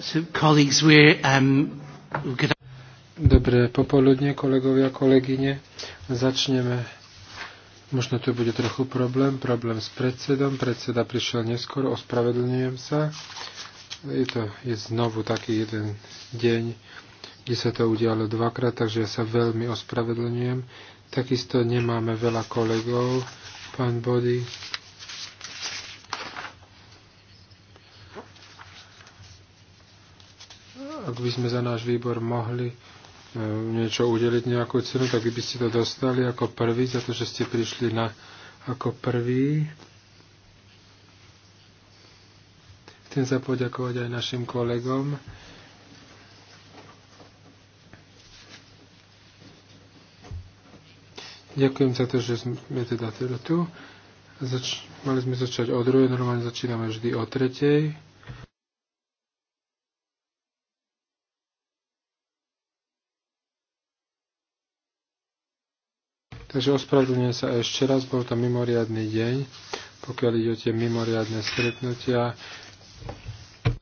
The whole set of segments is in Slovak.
So, um, Dobré popoludne, kolegovia, kolegyne. Začneme. Možno to bude trochu problém. Problém s predsedom. Predseda prišiel neskôr. ospravedlňujem sa. Je to je znovu taký jeden deň, kde sa to udialo dvakrát, takže ja sa veľmi ospravedlňujem. Takisto nemáme veľa kolegov. Pán Body, ak by sme za náš výbor mohli e, niečo udeliť, nejakú cenu, tak by ste to dostali ako prvý, za to, že ste prišli na ako prvý. Chcem sa poďakovať aj našim kolegom. Ďakujem za to, že sme teda tu. Zač- mali sme začať o druhej, normálne začíname vždy o tretej. Takže ospravedlňujem sa ešte raz, bol to mimoriadný deň, pokiaľ ide o tie mimoriadne stretnutia.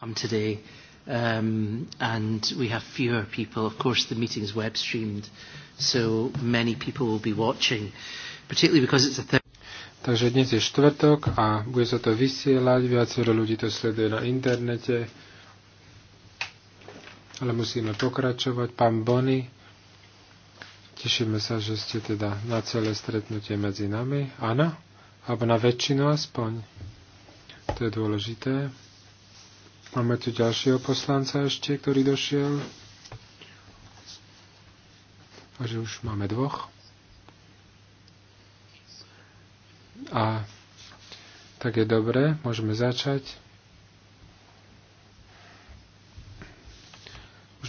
Um, today, um, and we have fewer people. Of course, the meeting is web streamed, so many people will be watching, particularly because it's a third. Takže dnes je štvrtok a bude sa to vysielať, viacero ľudí to sleduje na internete, ale musíme pokračovať. Pán Bony Tešíme sa, že ste teda na celé stretnutie medzi nami. Áno? Alebo na väčšinu aspoň. To je dôležité. Máme tu ďalšieho poslanca ešte, ktorý došiel. A že už máme dvoch. A tak je dobre, môžeme začať.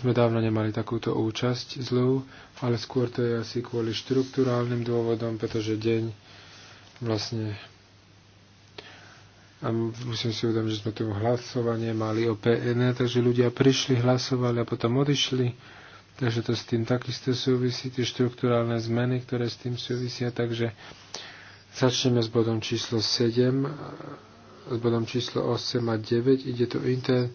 sme dávno nemali takúto účasť zlú, ale skôr to je asi kvôli štruktúrálnym dôvodom, pretože deň vlastne a musím si uvedomiť, že sme tu hlasovanie mali o PN, takže ľudia prišli, hlasovali a potom odišli. Takže to s tým takisto súvisí, tie štruktúrálne zmeny, ktoré s tým súvisia. Takže začneme s bodom číslo 7, s bodom číslo 8 a 9. Ide to inter,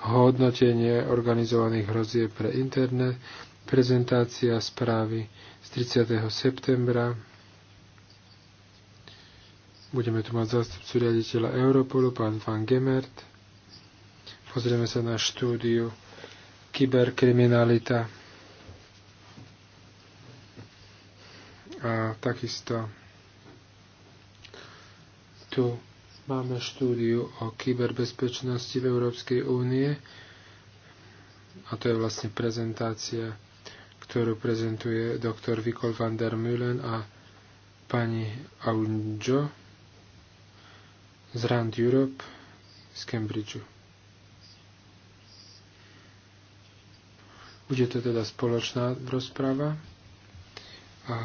hodnotenie organizovaných hrozieb pre internet, prezentácia správy z 30. septembra. Budeme tu mať zástupcu riaditeľa Europolu, pán Van Gemert. Pozrieme sa na štúdiu Kyberkriminalita. A takisto tu Máme štúdiu o kyberbezpečnosti v Európskej únie a to je vlastne prezentácia, ktorú prezentuje doktor Vikol van der Müllen a pani Aunjo z Rand Europe z Cambridgeu. Bude to teda spoločná rozprava a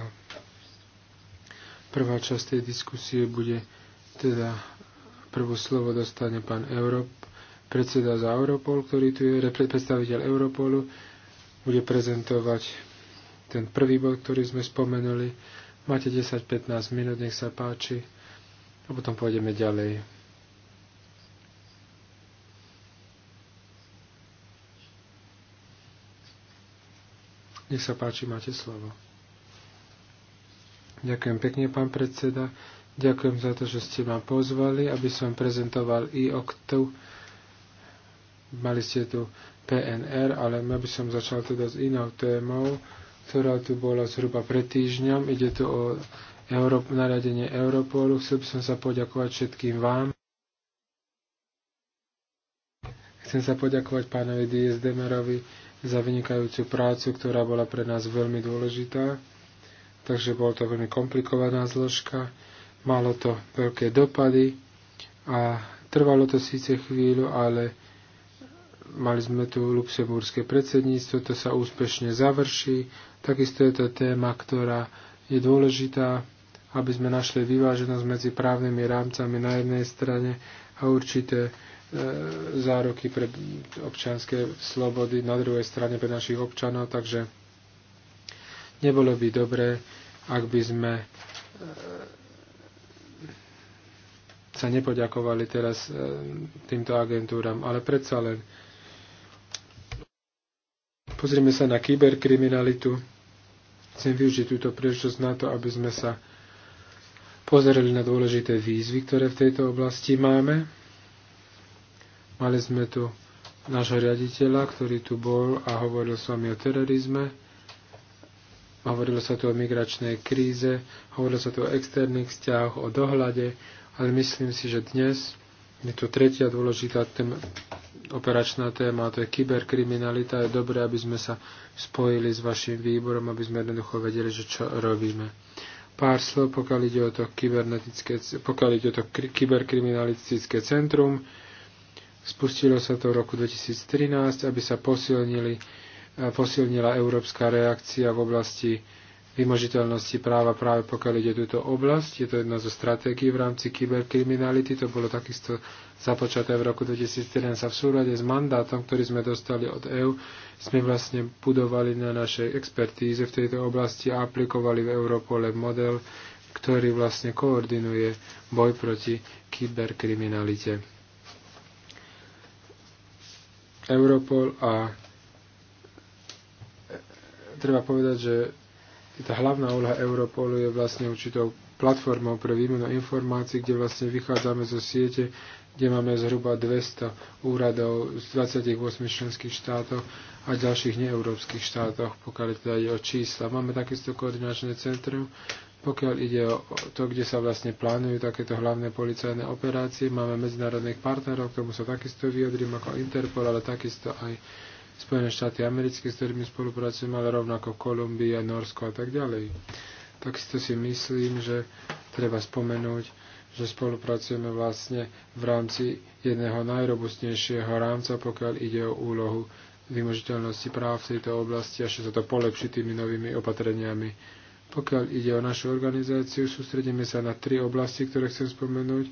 prvá časť tej diskusie bude teda Prvú slovo dostane pán Európ, predseda za Europol, ktorý tu je, predstaviteľ Europolu, bude prezentovať ten prvý bod, ktorý sme spomenuli. Máte 10-15 minút, nech sa páči. A potom pôjdeme ďalej. Nech sa páči, máte slovo. Ďakujem pekne, pán predseda. Ďakujem za to, že ste ma pozvali, aby som prezentoval i oktu. Mali ste tu PNR, ale ja by som začal teda s inou témou, ktorá tu bola zhruba pred týždňom. Ide tu o Euró- naradenie Europolu. Chcel by som sa poďakovať všetkým vám. Chcem sa poďakovať pánovi Diez Demerovi za vynikajúcu prácu, ktorá bola pre nás veľmi dôležitá. Takže bola to veľmi komplikovaná zložka Malo to veľké dopady a trvalo to síce chvíľu, ale mali sme tu luxemburské predsedníctvo, to sa úspešne završí. Takisto je to téma, ktorá je dôležitá, aby sme našli vyváženosť medzi právnymi rámcami na jednej strane a určité e, zároky pre občianské slobody na druhej strane pre našich občanov, takže nebolo by dobré, ak by sme e, sa nepoďakovali teraz e, týmto agentúram, ale predsa len pozrieme sa na kyberkriminalitu. Chcem využiť túto príležitosť na to, aby sme sa pozerali na dôležité výzvy, ktoré v tejto oblasti máme. Mali sme tu nášho riaditeľa, ktorý tu bol a hovoril s vami o terorizme. Hovorilo sa tu o migračnej kríze, hovorilo sa tu o externých vzťahoch, o dohľade, ale myslím si, že dnes je to tretia dôležitá téma, operačná téma, to je kyberkriminalita. Je dobré, aby sme sa spojili s vašim výborom, aby sme jednoducho vedeli, že čo robíme. Pár slov, pokiaľ ide o to, kybernetické, pokiaľ ide o to kyberkriminalistické centrum. Spustilo sa to v roku 2013, aby sa posilnili, posilnila európska reakcia v oblasti vymožiteľnosti práva práve pokiaľ ide túto oblasť. Je to jedna zo stratégií v rámci kyberkriminality. To bolo takisto započaté v roku 2013 a v súlade s mandátom, ktorý sme dostali od EÚ, sme vlastne budovali na našej expertíze v tejto oblasti a aplikovali v Europole model, ktorý vlastne koordinuje boj proti kyberkriminalite. Europol a treba povedať, že tá hlavná úloha Europolu je vlastne určitou platformou pre výmenu informácií, kde vlastne vychádzame zo siete, kde máme zhruba 200 úradov z 28 členských štátov a ďalších neeurópskych štátoch, pokiaľ teda ide o čísla. Máme takisto koordinačné centrum, pokiaľ ide o to, kde sa vlastne plánujú takéto hlavné policajné operácie. Máme medzinárodných partnerov, k tomu sa takisto vyjadrím ako Interpol, ale takisto aj Spojené štáty americké, s ktorými spolupracujeme, ale rovnako Kolumbia, Norsko a tak ďalej. Takisto si myslím, že treba spomenúť, že spolupracujeme vlastne v rámci jedného najrobustnejšieho rámca, pokiaľ ide o úlohu vymožiteľnosti práv v tejto oblasti a že sa to polepší tými novými opatreniami. Pokiaľ ide o našu organizáciu, sústredíme sa na tri oblasti, ktoré chcem spomenúť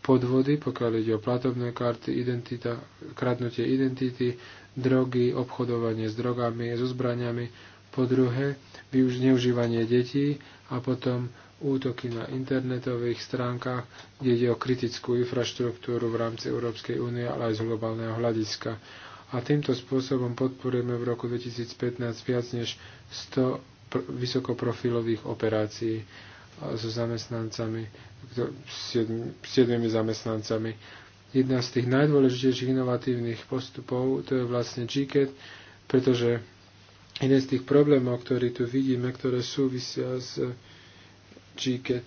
podvody, pokiaľ ide o platobné karty, identita, kradnutie identity, drogy, obchodovanie s drogami, so zbraniami, po druhé neužívanie detí a potom útoky na internetových stránkach, kde ide o kritickú infraštruktúru v rámci Európskej únie, ale aj z globálneho hľadiska. A týmto spôsobom podporujeme v roku 2015 viac než 100 vysokoprofilových operácií so zamestnancami, jednými zamestnancami. Jedna z tých najdôležitejších inovatívnych postupov to je vlastne GCAT, e pretože jeden z tých problémov, ktorý tu vidíme, ktoré súvisia s GCAT,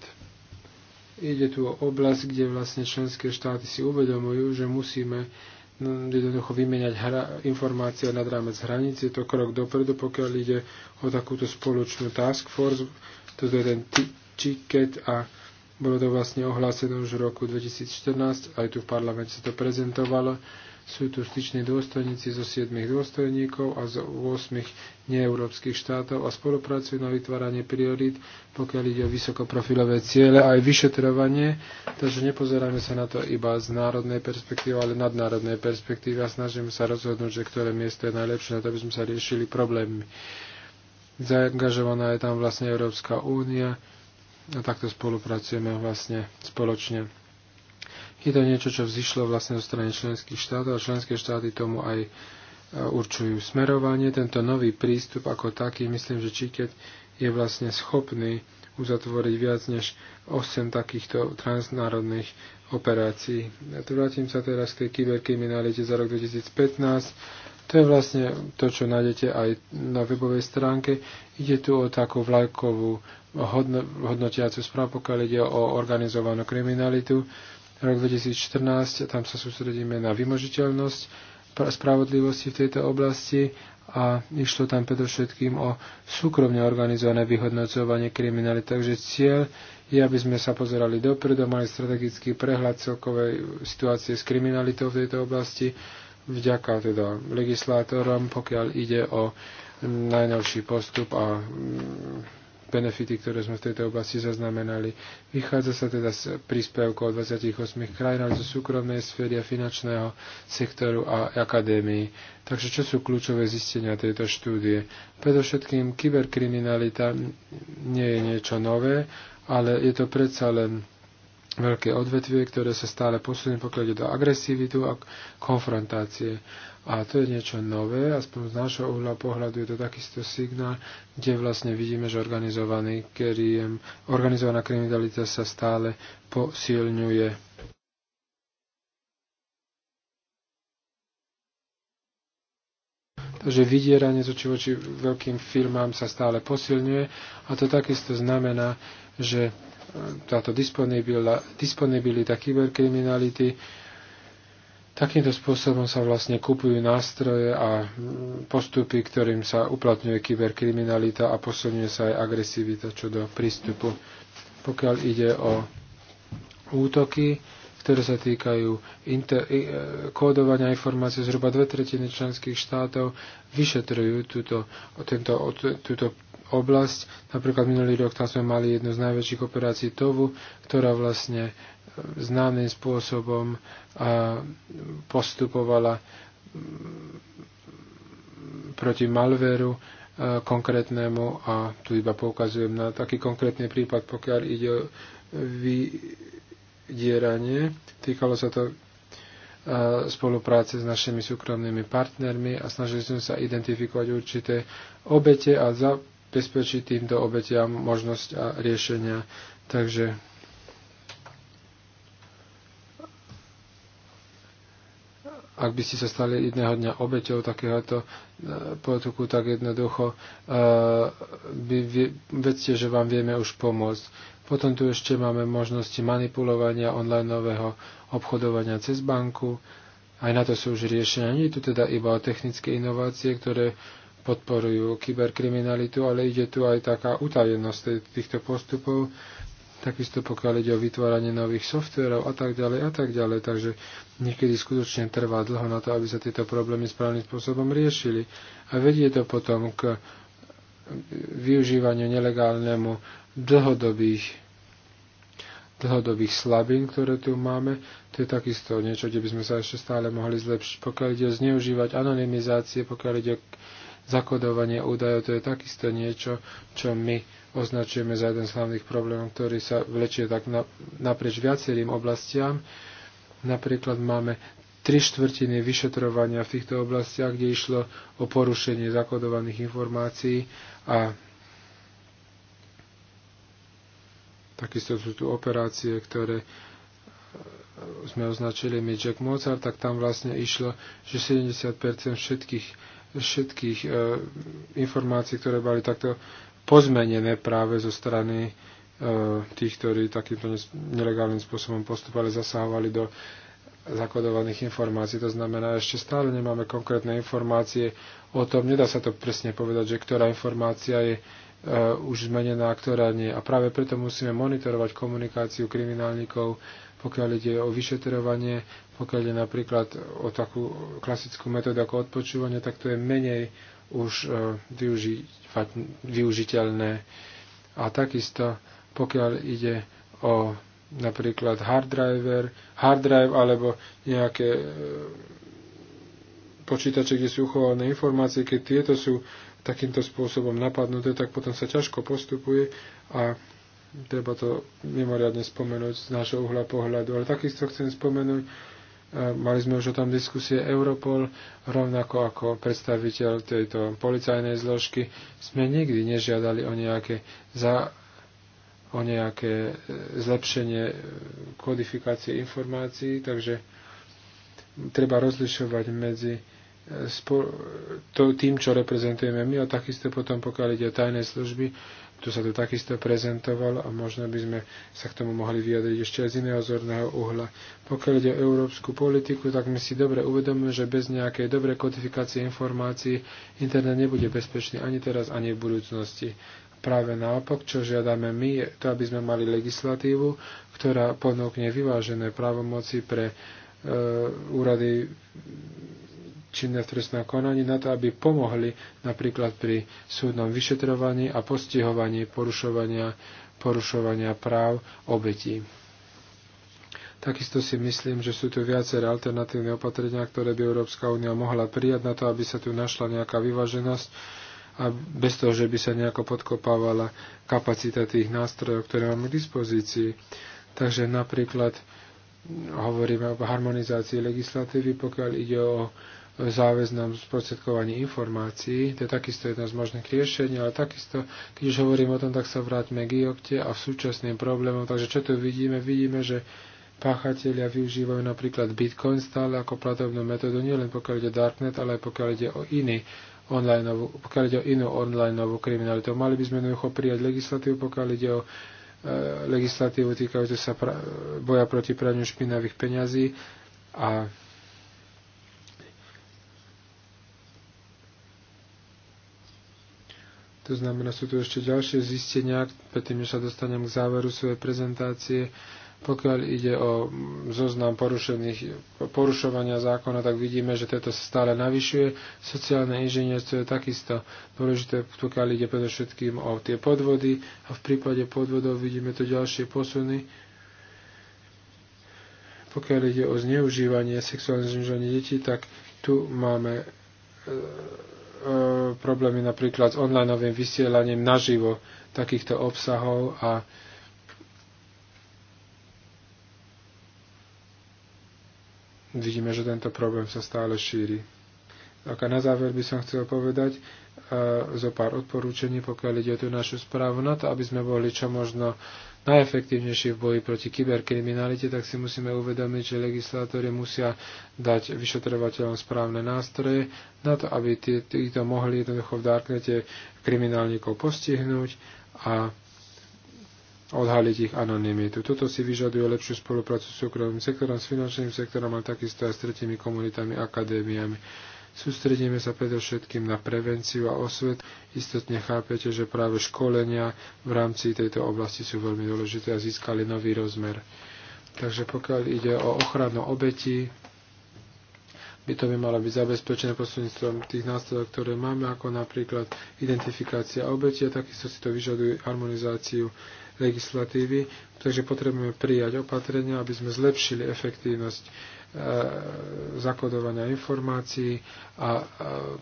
e ide tu o oblasť, kde vlastne členské štáty si uvedomujú, že musíme no, jednoducho vymeniať hra, informácie nad rámec hranic. Je to krok dopredu, pokiaľ ide o takúto spoločnú task force. Toto je ten čiket a bolo to vlastne ohlásené už v roku 2014, aj tu v parlamente sa to prezentovalo. Sú tu styční dôstojníci zo 7 dôstojníkov a z 8 neeurópskych štátov a spolupracujú na vytváranie priorít, pokiaľ ide o vysokoprofilové ciele a aj vyšetrovanie. Takže nepozeráme sa na to iba z národnej perspektívy, ale nadnárodnej perspektívy a snažíme sa rozhodnúť, že ktoré miesto je najlepšie na to, aby sme sa riešili problémy. Zaangažovaná je tam vlastne Európska únia, a takto spolupracujeme vlastne spoločne. Je to niečo, čo vzýšlo vlastne zo strany členských štátov a členské štáty tomu aj e, určujú smerovanie. Tento nový prístup ako taký, myslím, že Čiket je vlastne schopný uzatvoriť viac než 8 takýchto transnárodných operácií. Vrátim sa teraz k tej kyberkriminalite za rok 2015. To je vlastne to, čo nájdete aj na webovej stránke. Ide tu o takú vlajkovú hodno, hodnotiacu správu, pokiaľ ide o organizovanú kriminalitu. Rok 2014, tam sa sústredíme na vymožiteľnosť spravodlivosti v tejto oblasti a išlo tam predovšetkým o súkromne organizované vyhodnocovanie kriminality. Takže cieľ je, aby sme sa pozerali dopredu, mali strategický prehľad celkovej situácie s kriminalitou v tejto oblasti vďaka teda legislátorom, pokiaľ ide o najnovší postup a mm, benefity, ktoré sme v tejto oblasti zaznamenali. Vychádza sa teda z príspevkov 28 krajín, ale zo súkromnej sféry a finančného sektoru a akadémii. Takže čo sú kľúčové zistenia tejto štúdie? Predovšetkým kyberkriminalita nie je niečo nové, ale je to predsa len veľké odvetvie, ktoré sa stále posunie, pokiaľ do agresivitu a konfrontácie. A to je niečo nové, aspoň z nášho uhla pohľadu je to takisto signál, kde vlastne vidíme, že organizovaný keriem, organizovaná kriminalita sa stále posilňuje. Takže vydieranie z oči voči veľkým firmám sa stále posilňuje a to takisto znamená, že táto disponibilita kyberkriminality. Takýmto spôsobom sa vlastne kupujú nástroje a postupy, ktorým sa uplatňuje kyberkriminalita a posunuje sa aj agresivita čo do prístupu. Pokiaľ ide o útoky, ktoré sa týkajú inter, e, kódovania informácií. Zhruba dve tretiny členských štátov vyšetrujú túto, tento, túto oblasť. Napríklad minulý rok tam sme mali jednu z najväčších operácií TOVu, ktorá vlastne e, známym spôsobom e, postupovala proti malveru e, konkrétnemu a tu iba poukazujem na taký konkrétny prípad, pokiaľ ide o vydieranie. Týkalo sa to spolupráce s našimi súkromnými partnermi a snažili sme sa identifikovať určité obete a za, bezpečí týmto obetiam možnosť a riešenia. Takže ak by ste sa stali jedného dňa obeťou takéhoto e, potoku, tak jednoducho by, e, vedzte, že vám vieme už pomôcť. Potom tu ešte máme možnosti manipulovania onlineového obchodovania cez banku. Aj na to sú už riešenia. Nie je tu teda iba technické inovácie, ktoré podporujú kyberkriminalitu, ale ide tu aj taká utajenosť týchto postupov, takisto pokiaľ ide o vytváranie nových softverov a tak ďalej a tak ďalej. Takže niekedy skutočne trvá dlho na to, aby sa tieto problémy správnym spôsobom riešili. A vedie to potom k využívaniu nelegálnemu dlhodobých dlhodobých slabín, ktoré tu máme, to je takisto niečo, kde by sme sa ešte stále mohli zlepšiť. Pokiaľ ide o zneužívať anonymizácie, pokiaľ ide o zakodovanie údajov, to je takisto niečo, čo my označujeme za jeden z hlavných problémov, ktorý sa vlečie tak naprieč viacerým oblastiam. Napríklad máme tri štvrtiny vyšetrovania v týchto oblastiach, kde išlo o porušenie zakodovaných informácií a takisto sú tu operácie, ktoré e, sme označili my Jack Mozart, tak tam vlastne išlo, že 70% všetkých všetkých e, informácií, ktoré boli takto pozmenené práve zo strany e, tých, ktorí takýmto nelegálnym spôsobom postupovali, zasahovali do zakodovaných informácií. To znamená, ešte stále nemáme konkrétne informácie o tom, nedá sa to presne povedať, že ktorá informácia je e, už zmenená, ktorá nie. A práve preto musíme monitorovať komunikáciu kriminálnikov pokiaľ ide o vyšetrovanie, pokiaľ ide napríklad o takú klasickú metódu ako odpočúvanie, tak to je menej už e, využiteľné. A takisto, pokiaľ ide o napríklad hard, driver, hard drive alebo nejaké e, počítače, kde sú uchované informácie, keď tieto sú takýmto spôsobom napadnuté, tak potom sa ťažko postupuje a treba to mimoriadne spomenúť z nášho uhla pohľadu. Ale takisto chcem spomenúť, e, mali sme už o tom diskusie Europol, rovnako ako predstaviteľ tejto policajnej zložky, sme nikdy nežiadali o nejaké, za, o nejaké e, zlepšenie e, kodifikácie informácií, takže treba rozlišovať medzi tým, čo reprezentujeme my a takisto potom, pokiaľ ide o tajné služby, tu sa to takisto prezentovalo a možno by sme sa k tomu mohli vyjadriť ešte aj z iného zorného uhla. Pokiaľ ide o európsku politiku, tak my si dobre uvedomujeme, že bez nejakej dobrej kodifikácie informácií internet nebude bezpečný ani teraz, ani v budúcnosti. Práve naopak, čo žiadame my, je to, aby sme mali legislatívu, ktorá ponúkne vyvážené právomoci pre e, úrady činné v trestnom konaní na to, aby pomohli napríklad pri súdnom vyšetrovaní a postihovaní porušovania, porušovania práv obetí. Takisto si myslím, že sú tu viaceré alternatívne opatrenia, ktoré by Európska únia mohla prijať na to, aby sa tu našla nejaká vyváženosť a bez toho, že by sa nejako podkopávala kapacita tých nástrojov, ktoré máme k dispozícii. Takže napríklad hovoríme o harmonizácii legislatívy, pokiaľ ide o záväznom sprostredkovaní informácií. To je takisto jedno z možných riešení, ale takisto, keď už hovorím o tom, tak sa vráťme k IOKTE a v súčasným problémom. Takže čo tu vidíme? Vidíme, že páchatelia využívajú napríklad Bitcoin stále ako platobnú metódu, nielen pokiaľ ide Darknet, ale aj pokiaľ ide o iný online, pokiaľ ide o inú online novú kriminalitu. Mali by sme jednoducho prijať legislatívu, pokiaľ ide o e, legislatívu týkajúce sa boja proti praniu špinavých peňazí a To znamená, sú tu ešte ďalšie zistenia, predtým, než sa dostanem k záveru svojej prezentácie. Pokiaľ ide o zoznam porušených, porušovania zákona, tak vidíme, že toto sa stále navyšuje. Sociálne inžinierstvo je takisto dôležité, pokiaľ ide predovšetkým o tie podvody a v prípade podvodov vidíme tu ďalšie posuny. Pokiaľ ide o zneužívanie, sexuálne zneužívanie detí, tak tu máme e, E, problémy napríklad s onlineovým vysielaním naživo takýchto obsahov a vidíme, že tento problém sa stále šíri. Tak a na záver by som chcel povedať, zo pár odporúčení, pokiaľ ide o tú našu správu, na to, aby sme boli čo možno najefektívnejšie v boji proti kyberkriminalite, tak si musíme uvedomiť, že legislátori musia dať vyšetrovateľom správne nástroje na to, aby títo mohli jednoducho v darknete kriminálnikov postihnúť a odhaliť ich anonymitu. Toto si vyžaduje lepšiu spoluprácu s súkromným sektorom, s finančným sektorom, ale takisto aj s tretimi komunitami, akadémiami Sústredíme sa predovšetkým na prevenciu a osvet. Istotne chápete, že práve školenia v rámci tejto oblasti sú veľmi dôležité a získali nový rozmer. Takže pokiaľ ide o ochranu obetí, by to by malo byť zabezpečené prostredníctvom tých nástrojov, ktoré máme, ako napríklad identifikácia obetia, takisto si to vyžaduje harmonizáciu legislatívy, takže potrebujeme prijať opatrenia, aby sme zlepšili efektívnosť E, zakodovania informácií a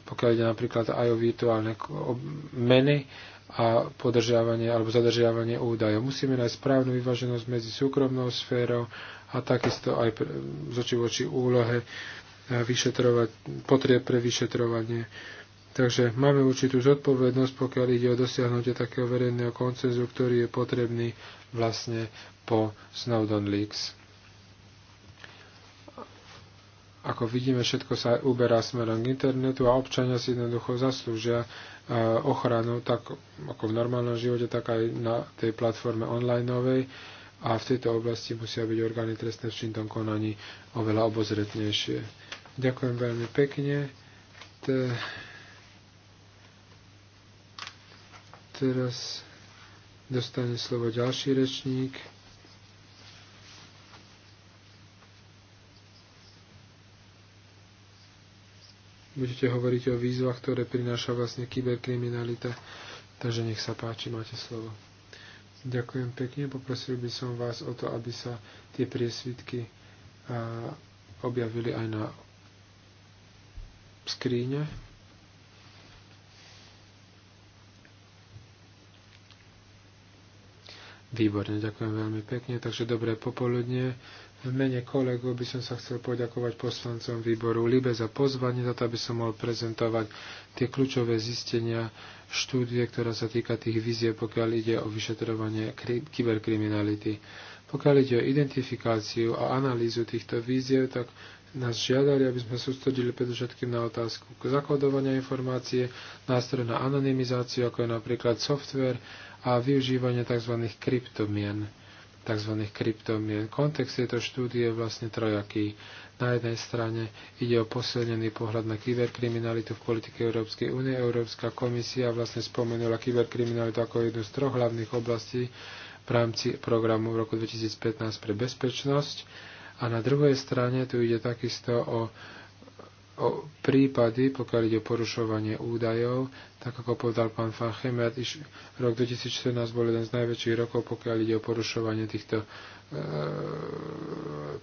pokiaľ ide napríklad aj o virtuálne meny a podržiavanie alebo zadržiavanie údajov. Musíme nájsť správnu vyváženosť medzi súkromnou sférou a takisto aj z oči voči úlohe e, vyšetrovať, potrieb pre vyšetrovanie. Takže máme určitú zodpovednosť, pokiaľ ide o dosiahnutie takého verejného koncenzu, ktorý je potrebný vlastne po Snowden Leaks. Ako vidíme, všetko sa uberá smerom k internetu a občania si jednoducho zaslúžia e, ochranu tak ako v normálnom živote, tak aj na tej platforme onlineovej a v tejto oblasti musia byť orgány trestné v činnom konaní oveľa obozretnejšie. Ďakujem veľmi pekne. Te... Teraz dostane slovo ďalší rečník. budete hovoriť o výzvach, ktoré prináša vlastne kyberkriminalita. Takže nech sa páči, máte slovo. Ďakujem pekne, poprosil by som vás o to, aby sa tie priesvitky objavili aj na skríne. Výborne, ďakujem veľmi pekne. Takže dobré popoludne. V mene kolegov by som sa chcel poďakovať poslancom výboru LIBE za pozvanie, za to, aby som mohol prezentovať tie kľúčové zistenia štúdie, ktorá sa týka tých vízie, pokiaľ ide o vyšetrovanie kyberkriminality. Pokiaľ ide o identifikáciu a analýzu týchto víziev, tak nás žiadali, aby sme sústredili predovšetkým na otázku zakodovania informácie, nástroj na anonymizáciu, ako je napríklad software a využívanie tzv. kryptomien tzv. kryptomien. Kontext tejto štúdie je vlastne trojaký. Na jednej strane ide o posilnený pohľad na kyberkriminalitu v politike Európskej únie. Európska komisia vlastne spomenula kyberkriminalitu ako jednu z troch hlavných oblastí v rámci programu v roku 2015 pre bezpečnosť. A na druhej strane tu ide takisto o o prípady, pokiaľ ide o porušovanie údajov, tak ako povedal pán iš, rok 2014 bol jeden z najväčších rokov, pokiaľ ide o porušovanie týchto, e,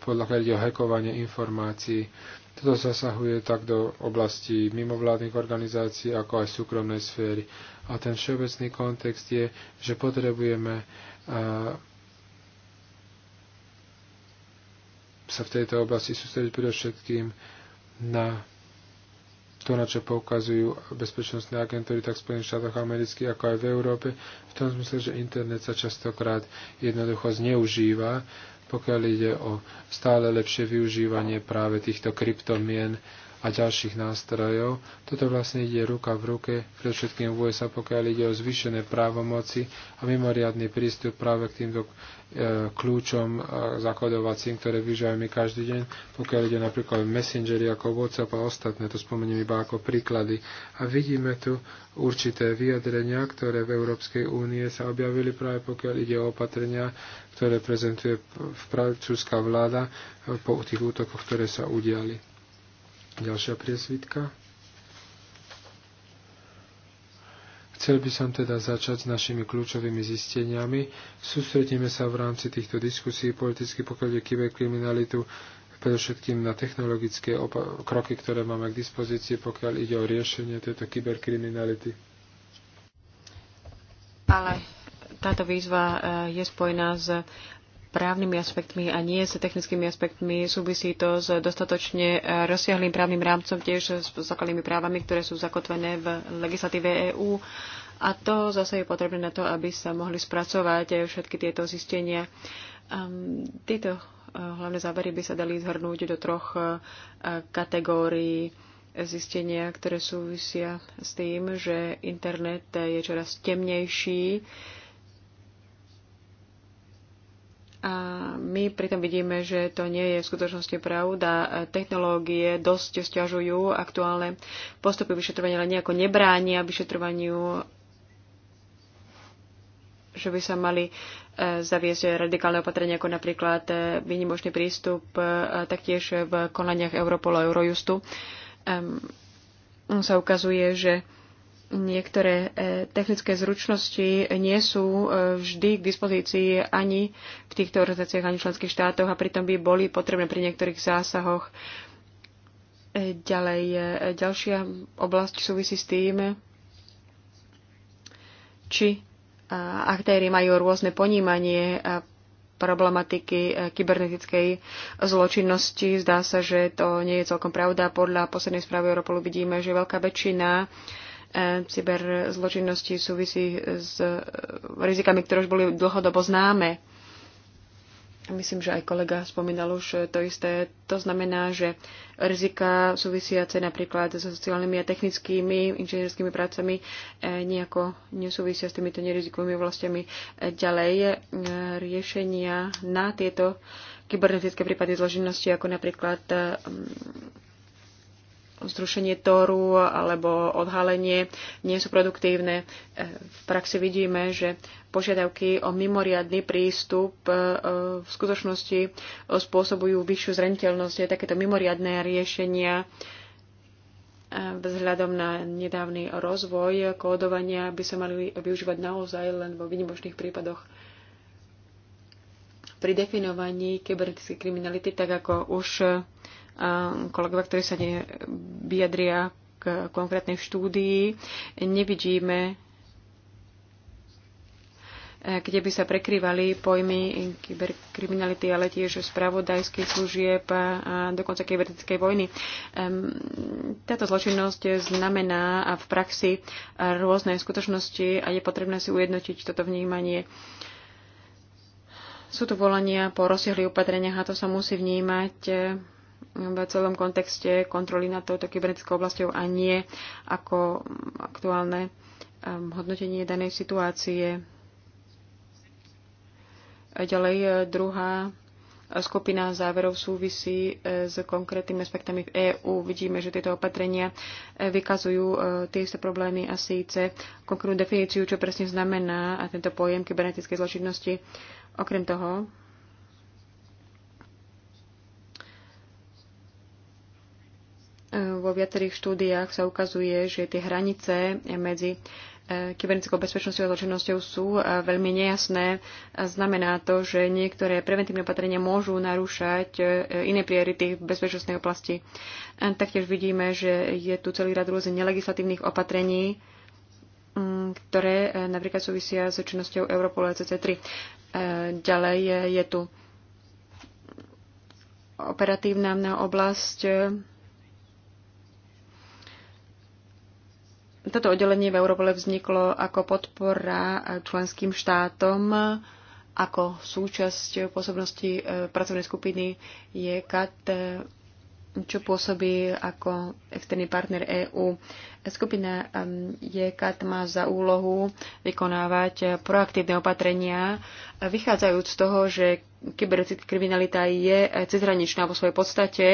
podľa ide o hekovanie informácií. Toto zasahuje tak do oblasti mimovládnych organizácií, ako aj súkromnej sféry. A ten všeobecný kontext je, že potrebujeme e, sa v tejto oblasti sústrediť predovšetkým na to, na čo poukazujú bezpečnostné agentúry tak v Spojených štátoch amerických, ako aj v Európe, v tom zmysle, že internet sa častokrát jednoducho zneužíva, pokiaľ ide o stále lepšie využívanie práve týchto kryptomien a ďalších nástrojov. Toto vlastne ide ruka v ruke, predovšetkým v USA, pokiaľ ide o zvýšené právomoci a mimoriadný prístup práve k týmto e, kľúčom e, zakodovacím, ktoré využívame každý deň, pokiaľ ide napríklad Messengery ako WhatsApp a ostatné, to spomeniem iba ako príklady. A vidíme tu určité vyjadrenia, ktoré v Európskej únie sa objavili práve pokiaľ ide o opatrenia, ktoré prezentuje francúzska vláda e, po tých útokoch, ktoré sa udiali. Ďalšia priesvitka. Chcel by som teda začať s našimi kľúčovými zisteniami. Sústredíme sa v rámci týchto diskusí politicky pokiaľ je kyberkriminalitu predovšetkým na technologické kroky, ktoré máme k dispozícii, pokiaľ ide o riešenie tejto kyberkriminality. Ale táto výzva eh, je spojená s právnymi aspektmi a nie s technickými aspektmi. Súvisí to s dostatočne rozsiahlým právnym rámcom, tiež s základnými právami, ktoré sú zakotvené v legislatíve EÚ. A to zase je potrebné na to, aby sa mohli spracovať všetky tieto zistenia. Tieto eh, hlavné závery by sa dali zhrnúť do troch eh, kategórií zistenia, ktoré súvisia s tým, že internet je čoraz temnejší, My pritom vidíme, že to nie je v skutočnosti pravda. Technológie dosť stiažujú aktuálne postupy vyšetrovania, ale nejako nebránia vyšetrovaniu že by sa mali e, zaviesť radikálne opatrenia, ako napríklad e, výnimočný prístup e, taktiež v konaniach Europolu a Eurojustu. Sa ukazuje, že niektoré e, technické zručnosti nie sú e, vždy k dispozícii ani v týchto organizáciách, ani v členských štátoch a pritom by boli potrebné pri niektorých zásahoch. E, ďalej, ďalšia oblasť súvisí s tým, či aktéry majú rôzne ponímanie problematiky kybernetickej zločinnosti. Zdá sa, že to nie je celkom pravda. Podľa poslednej správy Europolu vidíme, že veľká väčšina uh, E, cyberzločinnosti súvisí s e, rizikami, ktoré už boli dlhodobo známe. Myslím, že aj kolega spomínal už to isté. To znamená, že rizika súvisiace napríklad so sociálnymi a technickými inžinierskými prácami e, nejako nesúvisia s týmito nerizikovými vlastiami. Ďalej riešenia na tieto kybernetické prípady zloženosti, ako napríklad zrušenie toru alebo odhalenie nie sú produktívne. E, v praxi vidíme, že požiadavky o mimoriadný prístup e, e, v skutočnosti spôsobujú vyššiu Je Takéto mimoriadné riešenia vzhľadom na nedávny rozvoj kódovania by sa mali využívať naozaj len vo výnimočných prípadoch pri definovaní kybernetickej kriminality, tak ako už kolegovia, ktorí sa vyjadria k konkrétnej štúdii, nevidíme, eh, kde by sa prekrývali pojmy kyberkriminality, ale tiež spravodajských služieb a dokonca kybernetickej vojny. Táto zločinnosť znamená v praxi rôzne skutočnosti a je potrebné si ujednotiť toto vnímanie. Sú tu volania po rozsiahlých opatreniach a to sa musí vnímať eh, v celom kontexte kontroly nad touto kybernetickou oblasťou a nie ako aktuálne um, hodnotenie danej situácie. Ďalej e, druhá skupina záverov súvisí e, s konkrétnymi aspektami v EÚ. Vidíme, že tieto opatrenia e, vykazujú tie isté problémy a síce konkrétnu definíciu, čo presne znamená a tento pojem kybernetickej zločinnosti. Okrem toho, Vo viacerých štúdiách sa ukazuje, že tie hranice medzi e, kybernetickou bezpečnosťou a zločinnosťou sú e, veľmi nejasné. Znamená to, že niektoré preventívne opatrenia môžu narúšať e, iné priority v bezpečnostnej oblasti. Taktiež vidíme, že je tu celý rad rôznych nelegislatívnych opatrení, ktoré napríklad súvisia s činnosťou Europolu cc 3 Ďalej je, je tu operatívna oblasť Toto oddelenie v Európole vzniklo ako podpora členským štátom ako súčasť pôsobnosti e, pracovnej skupiny je KAT, čo pôsobí ako externý partner EÚ. Skupina JKAT e má za úlohu vykonávať proaktívne opatrenia, vychádzajúc z toho, že kyberkriminalita je e, cezhraničná vo svojej podstate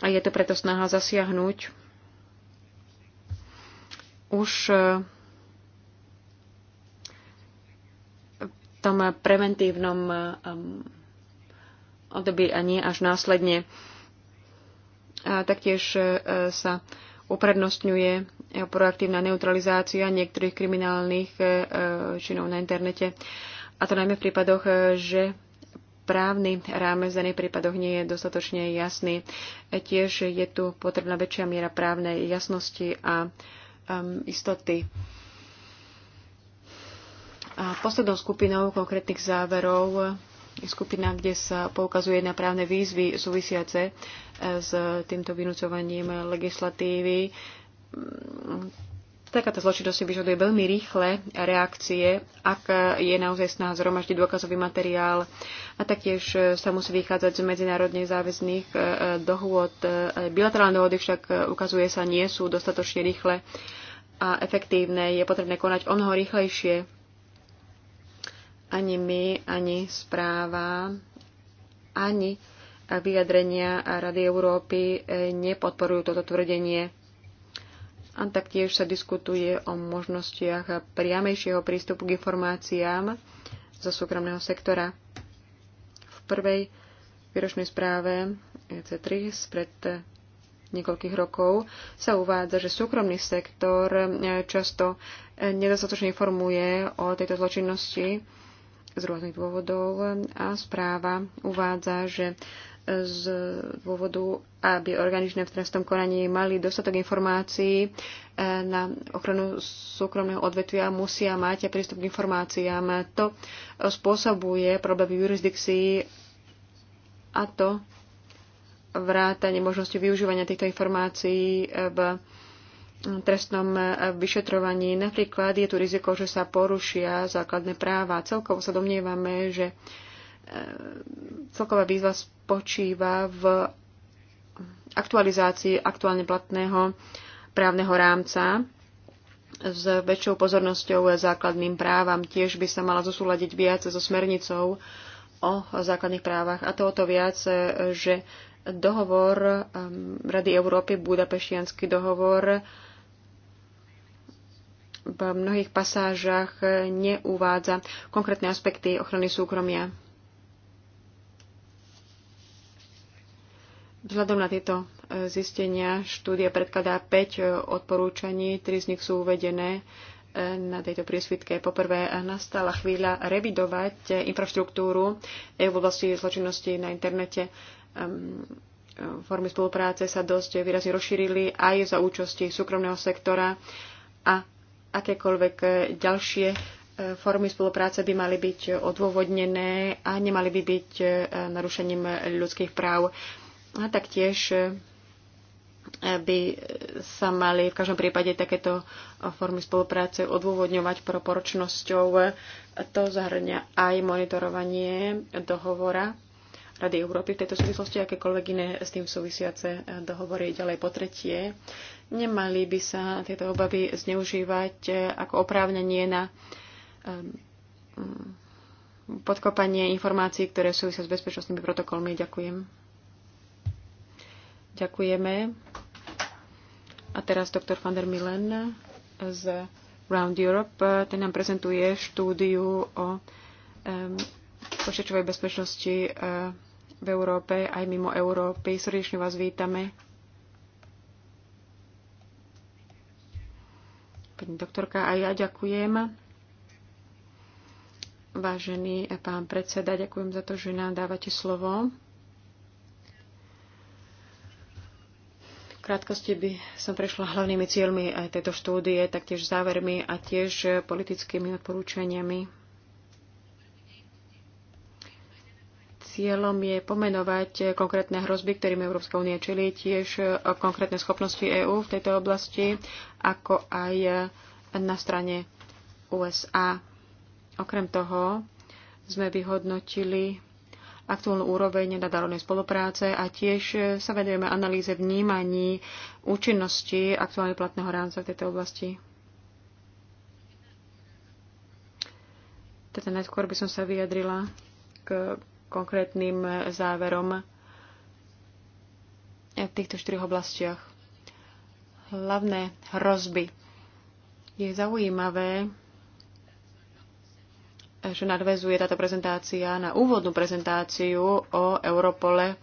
a je to preto snaha zasiahnuť už e, v tom preventívnom e, období a nie až následne. A taktiež e, sa uprednostňuje proaktívna neutralizácia niektorých kriminálnych činov na internete. A to najmä v prípadoch, že právny rámec v daných prípadoch nie je dostatočne jasný. Tiež je tu potrebná väčšia miera právnej jasnosti a um, istoty. A poslednou skupinou konkrétnych záverov je skupina, kde sa poukazuje na právne výzvy súvisiace e, s týmto vynúcovaním legislatívy. Mm, takáto zločinnosť si vyžaduje veľmi rýchle reakcie, ak je naozaj snaha zhromaždiť dôkazový materiál a taktiež e, sa musí vychádzať z medzinárodne záväzných e, dohôd. Bilaterálne dohody však ukazuje sa nie sú dostatočne rýchle a efektívne. Je potrebné konať o mnoho rýchlejšie. Ani my, ani správa, ani vyjadrenia Rady Európy e, nepodporujú toto tvrdenie. A taktiež sa diskutuje o možnostiach priamejšieho prístupu k informáciám zo súkromného sektora. V prvej výročnej správe EC3 spred niekoľkých rokov sa uvádza, že súkromný sektor e, často e, nedostatočne informuje o tejto zločinnosti z rôznych dôvodov a správa uvádza, že z dôvodu, aby organičné v trestnom konaní mali dostatok informácií e, na ochranu súkromného odvetvia, musia mať prístup k informáciám. To spôsobuje problémy v jurisdikcii a to vrátanie možnosti využívania týchto informácií eh, v eh, trestnom eh, vyšetrovaní. Napríklad je tu riziko, že sa porušia základné práva. Celkovo sa domnievame, že celková výzva spočíva v aktualizácii aktuálne platného právneho rámca s väčšou pozornosťou základným právam. Tiež by sa mala zosúľadiť viac so smernicou o základných právach. A to o to viac, že dohovor um, Rady Európy, budapešianský dohovor, v mnohých pasážach neuvádza konkrétne aspekty ochrany súkromia. Vzhľadom na tieto e, zistenia štúdia predkladá 5 e, odporúčaní, 3 z nich sú uvedené e, na tejto priesvitke. Poprvé nastala chvíľa revidovať infraštruktúru EU v oblasti zločinnosti na internete formy spolupráce sa dosť výrazne rozšírili aj za účasti súkromného sektora a akékoľvek e, ďalšie e, formy spolupráce by mali byť odôvodnené a nemali by byť e, narušením ľudských práv. A taktiež by sa mali v každom prípade takéto formy spolupráce odôvodňovať proporčnosťou. To zahrňa aj monitorovanie dohovora Rady Európy v tejto súvislosti, akékoľvek iné s tým súvisiace eh, dohovory ďalej po tretie. Nemali by sa tieto obavy zneužívať eh, ako oprávnenie na ehm, mm, podkopanie informácií, ktoré súvisia s bezpečnostnými protokolmi. Ďakujem. Ďakujeme. A teraz doktor van der Milen eh, z Round Europe. Ten nám prezentuje štúdiu o um, počítačovej bezpečnosti uh, v Európe, aj mimo Európy. Srdečne vás vítame. Pani doktorka, aj ja ďakujem. Vážený pán predseda, ďakujem za to, že nám dávate slovo. V krátkosti by som prešla hlavnými cieľmi eh, tejto štúdie, taktiež závermi a tiež eh, politickými odporúčaniami Cieľom je pomenovať konkrétne hrozby, ktorým Európska únie čelí, tiež konkrétne schopnosti EÚ v tejto oblasti, ako aj na strane USA. Okrem toho sme vyhodnotili aktuálnu úroveň nadárodnej spolupráce a tiež sa vedujeme analýze vnímaní účinnosti aktuálne platného rámca v tejto oblasti. Teda najskôr by som sa vyjadrila k konkrétnym e, záverom v týchto štyroch oblastiach. Hlavné hrozby. Je zaujímavé, že nadvezuje táto prezentácia na úvodnú prezentáciu o Europole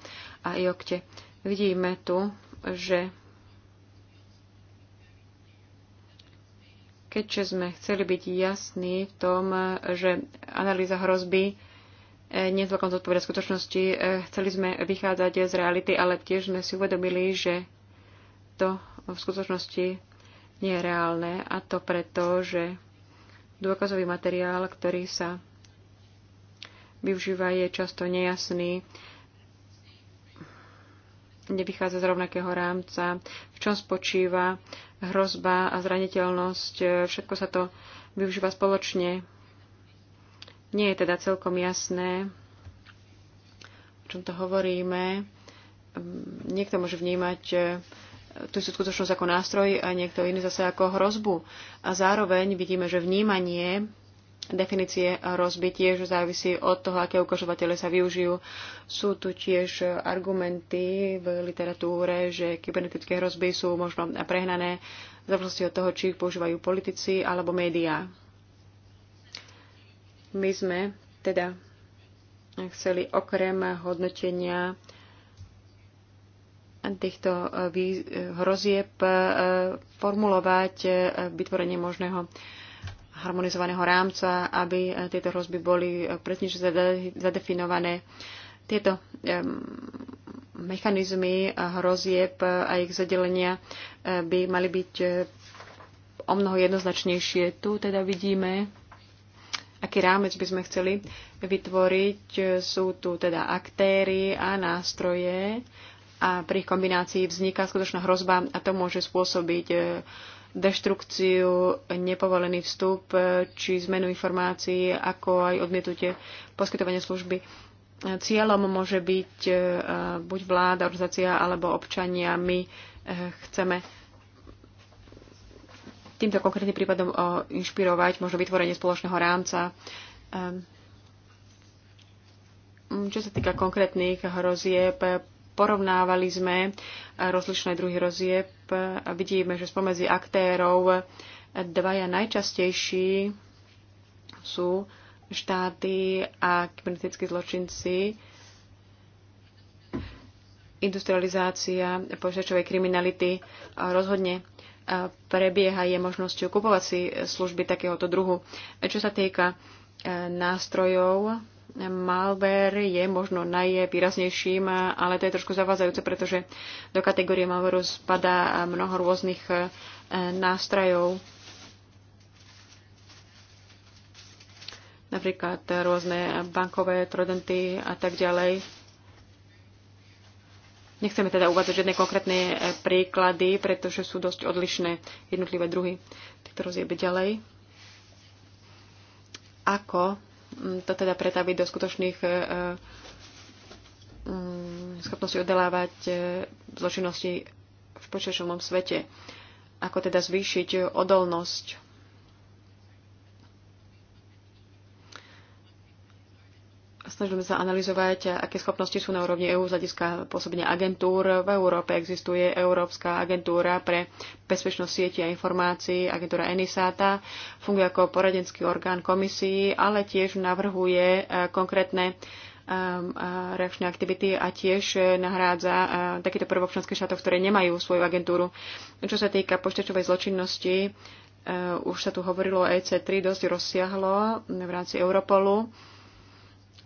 a IOKTE. Vidíme tu, že keďže sme chceli byť jasní v tom, e, že analýza hrozby Eh, nie celkom zodpoveda skutočnosti. Eh, chceli sme vychádzať z reality, ale tiež sme si uvedomili, že to v skutočnosti nie je reálne a to preto, že dôkazový materiál, ktorý sa využíva, je často nejasný, nevychádza z rovnakého rámca, v čom spočíva hrozba a zraniteľnosť. Eh, všetko sa to využíva spoločne nie je teda celkom jasné, o čom to hovoríme. Ehm, niekto môže vnímať e, tú skutočnosť ako nástroj a niekto iný zase ako hrozbu. A zároveň vidíme, že vnímanie definície hrozby tiež závisí od toho, aké ukazovatele sa využijú. Sú tu tiež argumenty v literatúre, že kybernetické hrozby sú možno prehnané v závislosti od toho, či ich používajú politici alebo médiá. My sme teda chceli okrem hodnotenia týchto e, e, hrozieb e, formulovať vytvorenie možného harmonizovaného rámca, aby tieto hrozby boli presnejšie zadefinované. Tieto mechanizmy hrozieb a ich zadelenia by mali byť o mnoho jednoznačnejšie. Tu teda vidíme aký rámec by sme chceli vytvoriť. Sú tu teda aktéry a nástroje a pri kombinácii vzniká skutočná hrozba a to môže spôsobiť eh, deštrukciu, nepovolený vstup eh, či zmenu informácií, ako aj odmietutie poskytovania služby. Eh, cieľom môže byť buď vláda, organizácia alebo občania. My chceme týmto konkrétnym prípadom eh, inšpirovať možno vytvorenie spoločného rámca. Ehm, čo sa týka konkrétnych hrozieb, porovnávali sme eh, rozličné druhy hrozieb a vidíme, že spomedzi aktérov eh, dvaja najčastejší sú štáty a kybernetickí zločinci industrializácia počítačovej kriminality rozhodne prebieha, je možnosť kupovať si služby takéhoto druhu. Čo sa týka e, nástrojov, malware je možno najvýraznejším, ale to je trošku zavádzajúce, pretože do kategórie malwareu spadá mnoho rôznych e, nástrojov. Napríklad rôzne bankové trodenty a tak ďalej Nechceme teda uvádzať žiadne konkrétne e, príklady, pretože sú dosť odlišné jednotlivé druhy to rozjebe ďalej. Ako mm, to teda pretaviť do skutočných e, e, mm, schopností oddelávať zločinnosti v počašovom svete? Ako teda zvýšiť odolnosť Snažíme sa analyzovať, aké schopnosti sú na úrovni EÚ z hľadiska pôsobenia agentúr. V Európe existuje Európska agentúra pre bezpečnosť sieti a informácií, agentúra ENISATA. Funguje ako poradenský orgán komisii, ale tiež navrhuje eh, konkrétne eh, eh, reakčné aktivity a tiež nahrádza takýto prvok členských štátov, ktoré nemajú svoju agentúru. Čo sa týka počítačovej zločinnosti, už sa tu hovorilo o EC3 dosť rozsiahlo v rámci Europolu.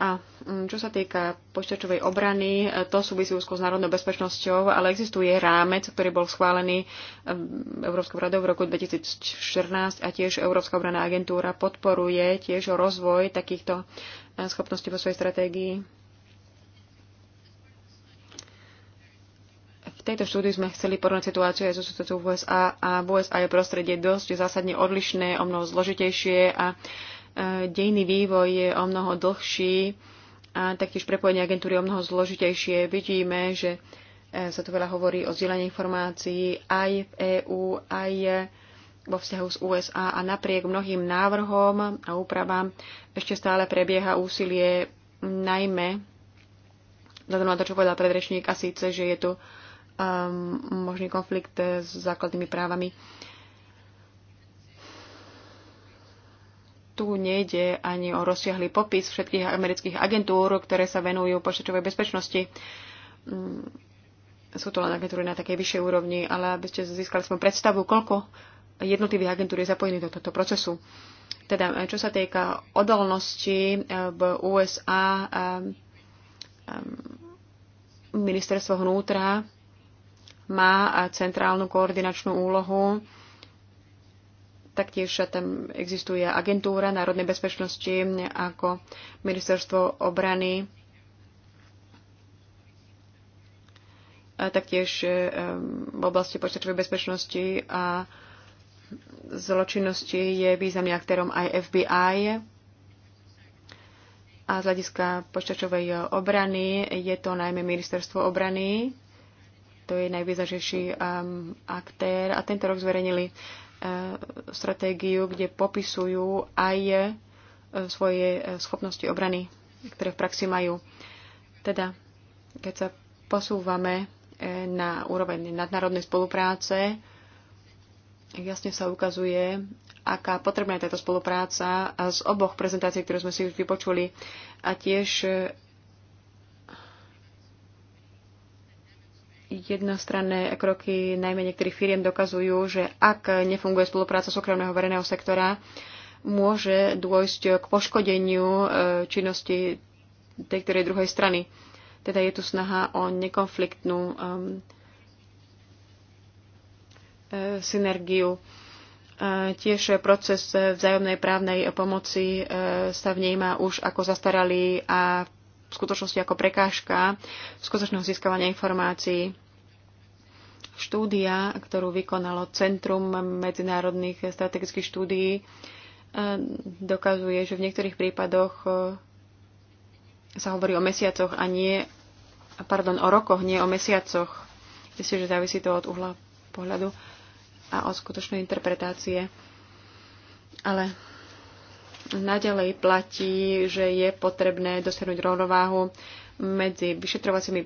A mm, čo sa týka počítačovej obrany, e, to súvisí úzko s národnou bezpečnosťou, ale existuje rámec, ktorý bol schválený e, Európskou radou v roku 2014 a tiež Európska obranná agentúra podporuje tiež rozvoj takýchto e, schopností vo svojej stratégii. V tejto štúdiu sme chceli porovnať situáciu aj so situáciou v USA a v USA je prostredie dosť zásadne odlišné, o mnoho zložitejšie a uh, Eh, dejný vývoj je o mnoho dlhší a taktiež prepojenie agentúry je o mnoho zložitejšie. Vidíme, že eh, sa tu veľa hovorí o zdieľaní informácií aj v EÚ, aj eh, vo vzťahu s USA a napriek mnohým návrhom a úpravám ešte stále prebieha úsilie najmä vzhľadom na to, čo povedal predrečník a síce, že je tu um, možný konflikt s základnými právami uh, tu nejde ani o rozsiahly popis všetkých amerických agentúr, ktoré sa venujú počítačovej bezpečnosti. Mm, sú to len agentúry na takej vyššej úrovni, ale aby ste získali svoju predstavu, koľko jednotlivých agentúr je zapojených do tohto procesu. Teda, eh, čo sa týka odolnosti eh, v USA, eh, ministerstvo vnútra má centrálnu koordinačnú úlohu Taktiež tam existuje agentúra národnej bezpečnosti ako ministerstvo obrany. A taktiež e, v oblasti počítačovej bezpečnosti a zločinnosti je významným aktérom aj FBI. A z hľadiska počítačovej obrany je to najmä ministerstvo obrany. To je um, aktér. A tento rok zverejnili Eh, stratégiu, kde popisujú aj eh, svoje eh, schopnosti obrany, ktoré v praxi majú. Teda, keď sa posúvame na úroveň nadnárodnej spolupráce, jasne sa ukazuje, aká potrebná je táto spolupráca a z oboch prezentácií, ktoré sme si už vypočuli a tiež jednostranné kroky najmä niektorých firiem dokazujú, že ak nefunguje spolupráca súkromného verejného sektora, môže dôjsť k poškodeniu e, činnosti tej ktorej druhej strany. Teda je tu snaha o nekonfliktnú um, synergiu. E, tiež proces vzájomnej právnej pomoci e, sa vnejma už ako zastaralý a v v skutočnosti ako prekážka skutočného získavania informácií. Štúdia, ktorú vykonalo Centrum medzinárodných strategických štúdií, e, dokazuje, že v niektorých prípadoch e, sa hovorí o mesiacoch a nie, pardon, o rokoch, nie o mesiacoch. Myslím, že závisí to od uhla pohľadu a od skutočnej interpretácie. Ale naďalej platí, že je potrebné dosiahnuť rovnováhu medzi vyšetrovacími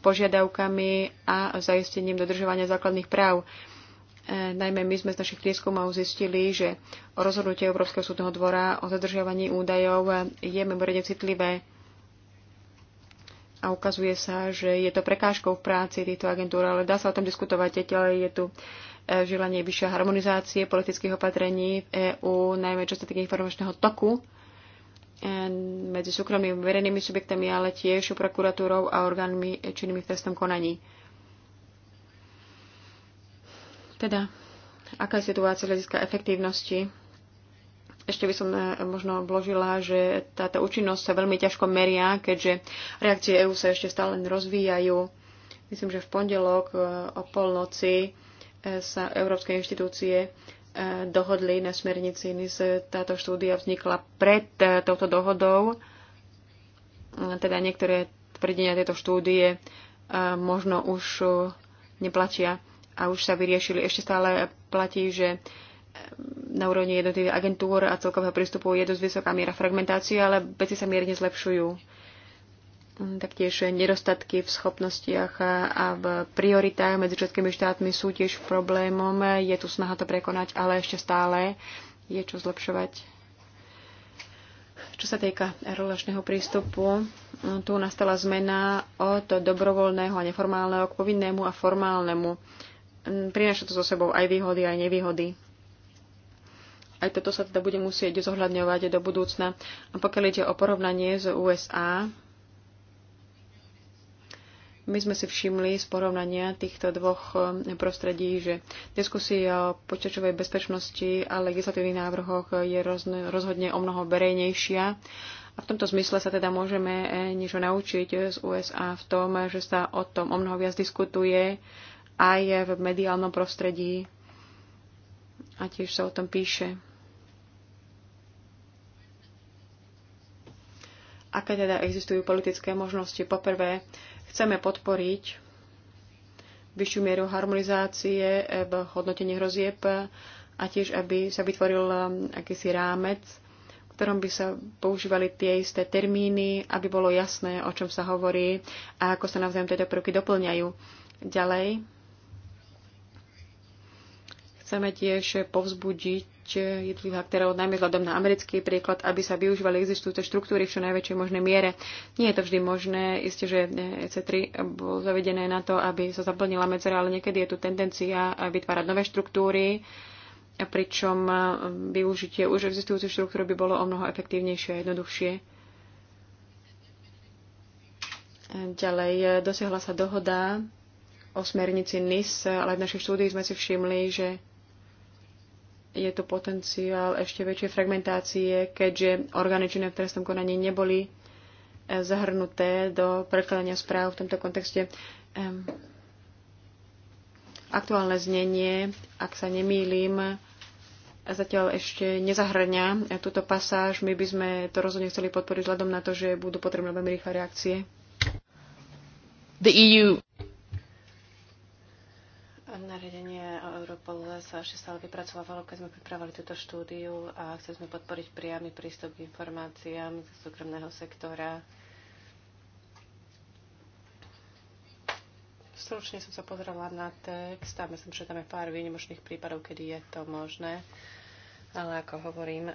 požiadavkami a zaistením dodržovania základných práv. E, najmä my sme z našich prieskumov zistili, že rozhodnutie Európskeho súdneho dvora o zadržiavaní údajov je mimoriadne citlivé a ukazuje sa, že je to prekážkou v práci týchto agentúr, ale dá sa o tom diskutovať. Ďalej je tu E, želanie vyššej harmonizácie politických opatrení v EÚ, najmä čo sa týka informačného toku e, medzi súkromnými verejnými subjektami, ale tiež prokuratúrou a orgánmi činnými v trestnom konaní. Teda, aká je situácia hľadiska efektívnosti? Ešte by som e, možno vložila, že táto účinnosť sa veľmi ťažko meria, keďže reakcie EÚ sa ešte stále rozvíjajú. Myslím, že v pondelok o polnoci sa európske inštitúcie e, dohodli na smernici NIS. Táto štúdia vznikla pred e, touto dohodou. E, teda niektoré tvrdenia tejto štúdie možno už neplatia a už sa vyriešili. Ešte stále platí, že na úrovni jednotlivých agentúr a celkového prístupu je dosť vysoká miera fragmentácie, ale veci sa mierne zlepšujú. Taktiež nedostatky v schopnostiach a v prioritách medzi všetkými štátmi sú tiež problémom. Je tu snaha to prekonať, ale ešte stále je čo zlepšovať. Čo sa týka relačného prístupu, tu nastala zmena od dobrovoľného a neformálneho k povinnému a formálnemu. Prináša to so sebou aj výhody, aj nevýhody aj toto sa teda bude musieť zohľadňovať do budúcna. A pokiaľ ide o porovnanie z USA, my sme si všimli z porovnania týchto dvoch eh, prostredí, že diskusia o počačovej bezpečnosti a legislatívnych návrhoch je rozhodne o mnoho verejnejšia. A v tomto zmysle sa teda môžeme eh, niečo naučiť z USA v tom, že sa o tom o mnoho viac diskutuje aj v mediálnom prostredí a tiež sa o tom píše. Aké teda existujú politické možnosti? Poprvé, Chceme podporiť vyššiu mieru harmonizácie eh, v hodnotení hrozieb a tiež, aby sa vytvoril eh, akýsi rámec, v ktorom by sa používali tie isté termíny, aby bolo jasné, o čom sa hovorí a ako sa navzájom tieto prvky doplňajú. Ďalej, chceme tiež povzbudiť Eh, jednotlivých aktérov, najmä vzhľadom na americký príklad, aby sa využívali existujúce štruktúry v čo najväčšej možnej miere. Nie je to vždy možné, isté, že EC3 eh, bolo zavedené na to, aby sa zaplnila medzera, ale niekedy je tu tendencia eh, vytvárať nové štruktúry, pričom využitie už existujúce štruktúry by bolo o mnoho efektívnejšie a jednoduchšie. Ďalej dosiahla sa dohoda o smernici NIS, ale v našich štúdii sme si všimli, že je tu potenciál ešte väčšej fragmentácie, keďže orgány činné v trestnom konaní neboli eh, zahrnuté do prekladania správ v tomto kontexte. Aktuálne znenie, ak sa nemýlim, zatiaľ ešte nezahrňa túto pasáž. My by sme to rozhodne chceli podporiť vzhľadom na to, že budú potrebné veľmi rýchle reakcie. The EU Nariadenie o sa ešte stále vypracovávalo, keď sme pripravovali túto štúdiu a chceli sme podporiť priamy prístup k informáciám z súkromného sektora. Stručne som sa pozrela na text a myslím, že tam je pár výnimočných prípadov, kedy je to možné. Ale ako hovorím, eh,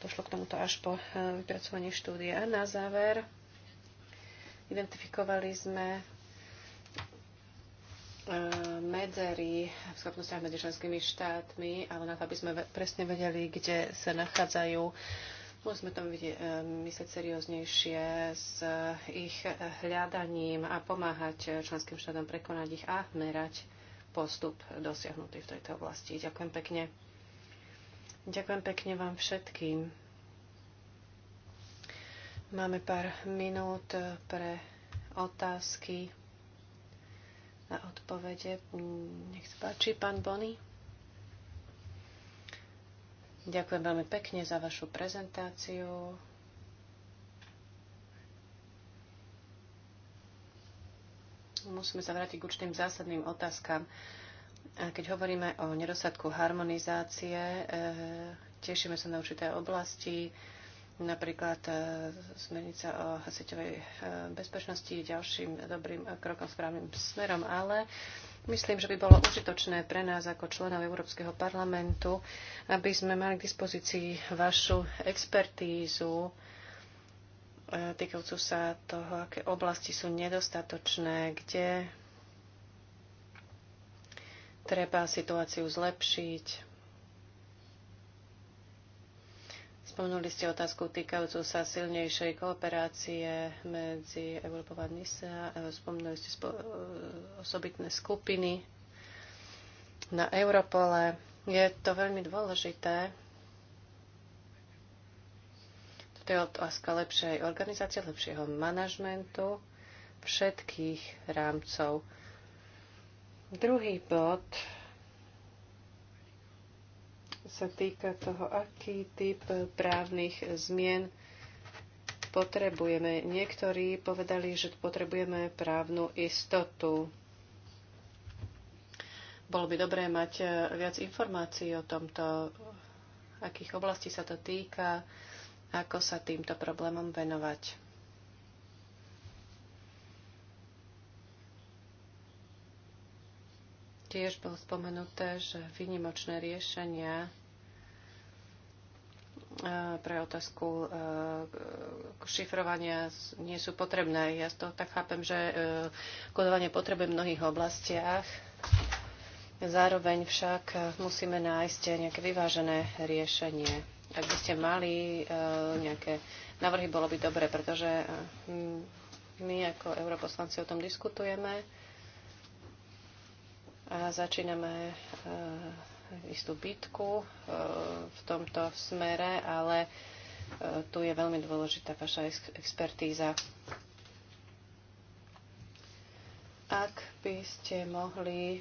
došlo k tomuto až po eh, vypracovaní štúdia. Na záver identifikovali sme medzery v schopnostiach medzi členskými štátmi, ale na to, aby sme presne vedeli, kde sa nachádzajú, musíme tam vidieť, e, myslieť serióznejšie s ich hľadaním a pomáhať členským štátom prekonať ich a merať postup dosiahnutý v tejto oblasti. Ďakujem pekne. Ďakujem pekne vám všetkým. Máme pár minút pre otázky na odpovede. Mm, nech sa páči, pán Bony. Ďakujem veľmi pekne za vašu prezentáciu. Musíme sa vrátiť k určitým zásadným otázkam. Keď hovoríme o nedostatku harmonizácie, e, tešíme sa na určité oblasti, Napríklad e, smernica o sieťovej e, bezpečnosti je ďalším dobrým krokom správnym smerom, ale myslím, že by bolo užitočné pre nás ako členov Európskeho parlamentu, aby sme mali k dispozícii vašu expertízu e, týkajúcu sa toho, aké oblasti sú nedostatočné, kde treba situáciu zlepšiť, Spomenuli ste otázku týkajúcu sa silnejšej kooperácie medzi Európou a NISA. Spomenuli ste spo- osobitné skupiny na Europole. Je to veľmi dôležité. Toto je otázka lepšej organizácie, lepšieho manažmentu všetkých rámcov. Druhý bod sa týka toho, aký typ právnych zmien potrebujeme. Niektorí povedali, že potrebujeme právnu istotu. Bolo by dobré mať eh, viac informácií o tomto, akých oblastí sa to týka, ako sa týmto problémom venovať. Tiež bolo spomenuté, že vynimočné riešenia E, pre otázku e, šifrovania nie sú potrebné. Ja to tak chápem, že e, kodovanie potrebuje v mnohých oblastiach. Zároveň však musíme nájsť nejaké vyvážené riešenie. Ak by ste mali nejaké návrhy, bolo by dobre, pretože my ako europoslanci o tom diskutujeme a začíname istú bitku e, v tomto smere, ale e, tu je veľmi dôležitá vaša expertíza. Ak by ste mohli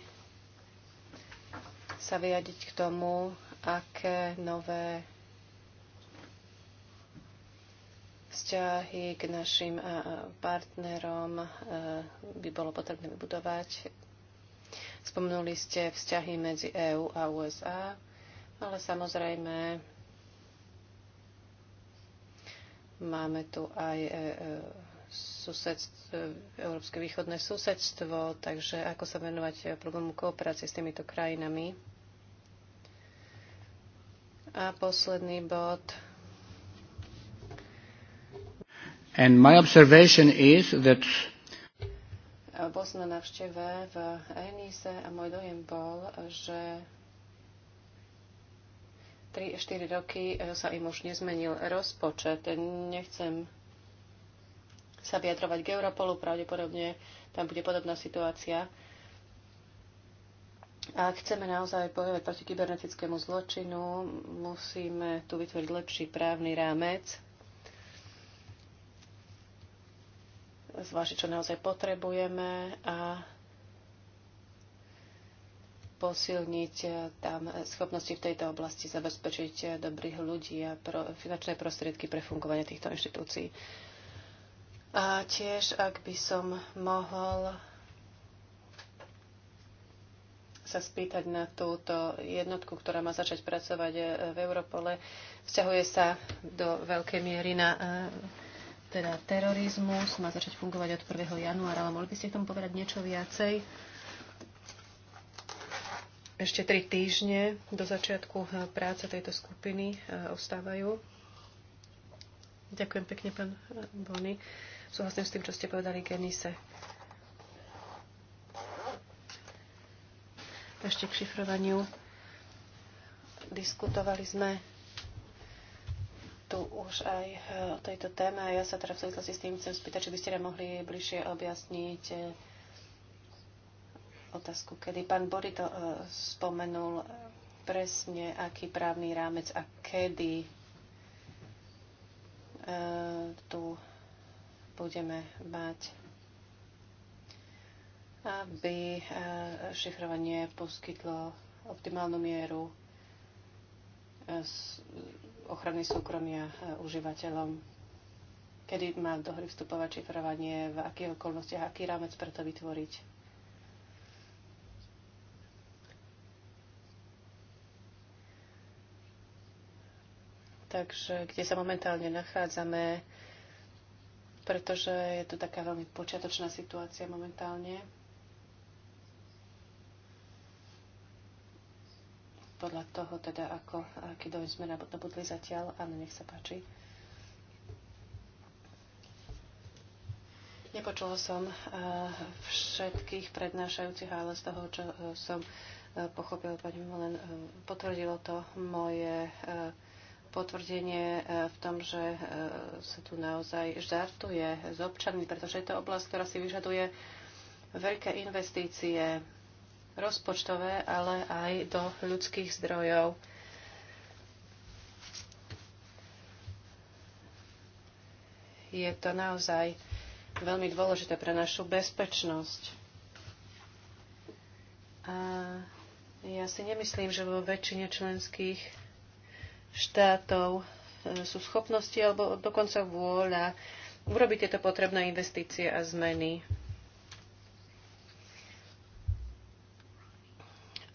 sa vyjadiť k tomu, aké nové vzťahy k našim partnerom e, by bolo potrebné vybudovať Spomnuli ste vzťahy medzi EÚ a USA, ale samozrejme máme tu aj e, e, susedstvo, e, európske východné susedstvo, takže ako sa venovať problému kooperácie s týmito krajinami. A posledný bod. And my observation is that bol som na návšteve v Enise a môj dojem bol, že 3-4 roky e, sa im už nezmenil rozpočet. Nechcem sa vyjadrovať k Europolu, pravdepodobne tam bude podobná situácia. A ak chceme naozaj bojovať proti kybernetickému zločinu, musíme tu vytvoriť lepší právny rámec, zvážiť, čo naozaj potrebujeme a posilniť tam schopnosti v tejto oblasti, zabezpečiť dobrých ľudí a pro, finančné prostriedky pre fungovanie týchto inštitúcií. A tiež, ak by som mohol sa spýtať na túto jednotku, ktorá má začať pracovať v Europole, vzťahuje sa do veľkej miery na teda terorizmus má začať fungovať od 1. januára, ale mohli by ste k tomu povedať niečo viacej? Ešte tri týždne do začiatku eh, práce tejto skupiny eh, ostávajú. Ďakujem pekne, pán eh, Bony. Súhlasím s tým, čo ste povedali Genise. Ešte k šifrovaniu. Diskutovali sme tu už aj e, o tejto téme. Ja sa teda v súvislosti s tým chcem spýtať, či by ste mohli bližšie objasniť e, otázku, kedy pán Bory to e, spomenul presne, aký právny rámec a kedy tu budeme mať aby šifrovanie poskytlo optimálnu mieru ochrany súkromia e, užívateľom. Kedy má do hry vstupovať šifrovanie, v akých okolnostiach, aký rámec pre to vytvoriť. Takže kde sa momentálne nachádzame, pretože je tu taká veľmi počiatočná situácia momentálne. podľa toho teda, ako, aký dojem sme nabudli zatiaľ. Áno, nech sa páči. Nepočula som eh, všetkých prednášajúcich, ale z toho, čo eh, som eh, pochopila, pani len potvrdilo to moje potvrdenie v tom, že sa tu naozaj žartuje s občanmi, pretože je to oblasť, ktorá si vyžaduje veľké investície, rozpočtové, ale aj do ľudských zdrojov. Je to naozaj veľmi dôležité pre našu bezpečnosť. A ja si nemyslím, že vo väčšine členských štátov e, sú schopnosti alebo dokonca vôľa urobiť tieto potrebné investície a zmeny.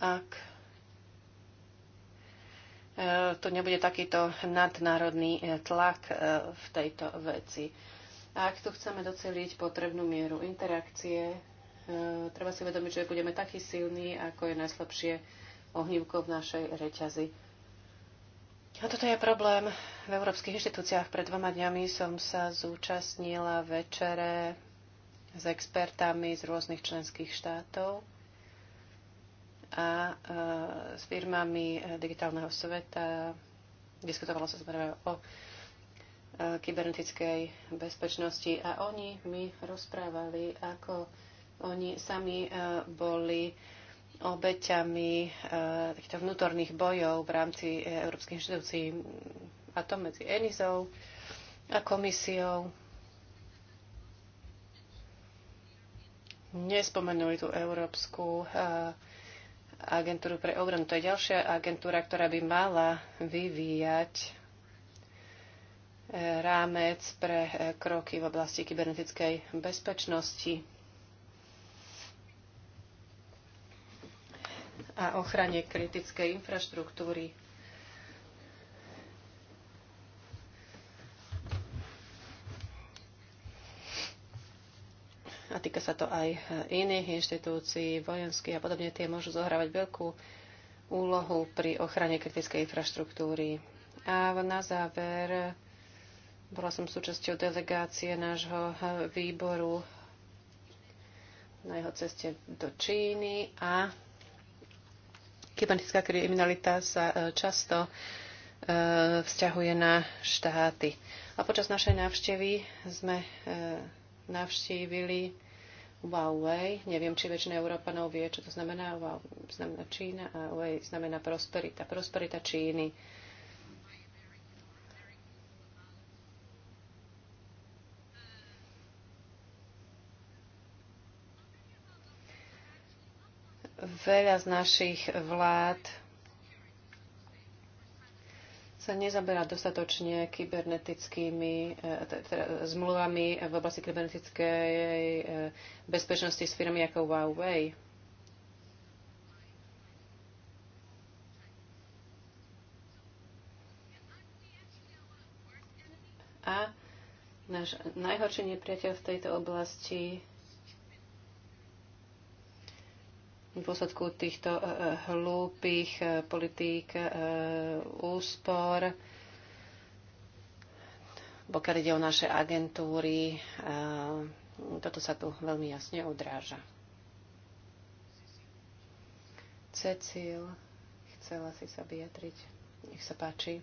ak e, to nebude takýto nadnárodný e, tlak e, v tejto veci. A ak tu chceme doceliť potrebnú mieru interakcie, treba si vedomiť, že budeme taký silní, ako je najslabšie ohnívko v našej reťazi. A toto je problém v európskych inštitúciách. Pred dvoma dňami som sa zúčastnila večere s expertami z rôznych členských štátov a s firmami e, digitálneho sveta. Diskutovalo sa práve o e, kybernetickej bezpečnosti a oni mi rozprávali, ako oni sami e, boli obeťami takýchto vnútorných bojov v rámci Európskej inštitúcií a to medzi ENISou a komisiou. Nespomenuli tú európsku uh, agentúru pre obranu. To je ďalšia agentúra, ktorá by mala vyvíjať eh, rámec pre eh, kroky v oblasti kybernetickej bezpečnosti a ochrane kritickej infraštruktúry. sa to aj iných inštitúcií, vojenských a podobne, tie môžu zohrávať veľkú úlohu pri ochrane kritickej infraštruktúry. A na záver bola som súčasťou delegácie nášho výboru na jeho ceste do Číny a kybernetická kriminalita sa e, často e, vzťahuje na štáty. A počas našej návštevy sme e, navštívili Huawei. Neviem, či väčšina Európanov vie, čo to znamená. Huawei znamená Čína a Huawei znamená prosperita. Prosperita Číny. Veľa z našich vlád sa nezaberá dostatočne kybernetickými e, teda zmluvami v oblasti kybernetickej e, bezpečnosti s firmy ako Huawei. A náš najhorší nepriateľ v tejto oblasti v dôsledku týchto e, e, hlúpých e, politík úspor, pokiaľ ide o naše agentúry, toto sa tu veľmi jasne odráža. Cecil, chcela si sa vyjadriť. Nech sa páči.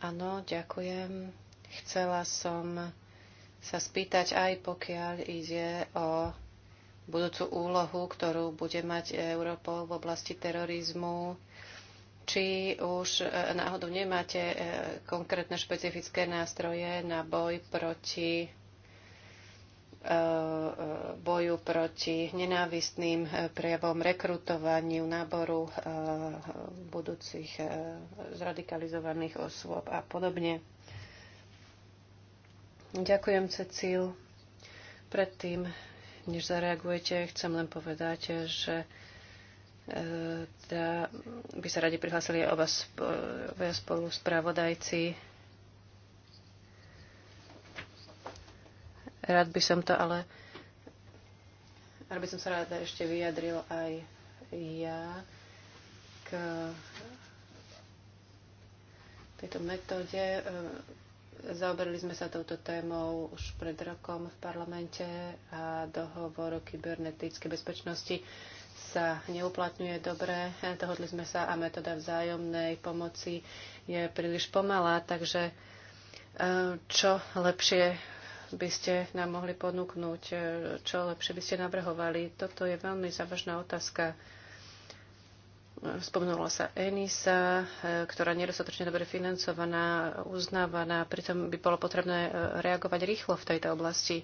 Áno, ďakujem. Chcela som sa spýtať aj pokiaľ ide o budúcu úlohu, ktorú bude mať Europol v oblasti terorizmu, či už e, náhodou nemáte e, konkrétne špecifické nástroje na boj proti e, boju proti nenávistným prejavom, rekrutovaniu, náboru budúcich zradikalizovaných osôb a podobne. Ďakujem, Cecil. Predtým, než zareagujete, chcem len povedať, že e, teda by sa radi prihlásili oba, oba spolu spravodajci. Rád by som to ale... Rád by som sa ráda ešte vyjadril aj ja k tejto metóde e, Zaoberali sme sa touto témou už pred rokom v parlamente a dohovor o kybernetickej bezpečnosti sa neuplatňuje dobre. Dohodli sme sa a metóda vzájomnej pomoci je príliš pomalá, takže e, čo lepšie by ste nám mohli ponúknuť, e, čo lepšie by ste navrhovali. Toto je veľmi závažná otázka. Spomenula sa ENISA, e, ktorá nedostatočne dobre financovaná, uznávaná, pritom by bolo potrebné e, reagovať rýchlo v tejto oblasti.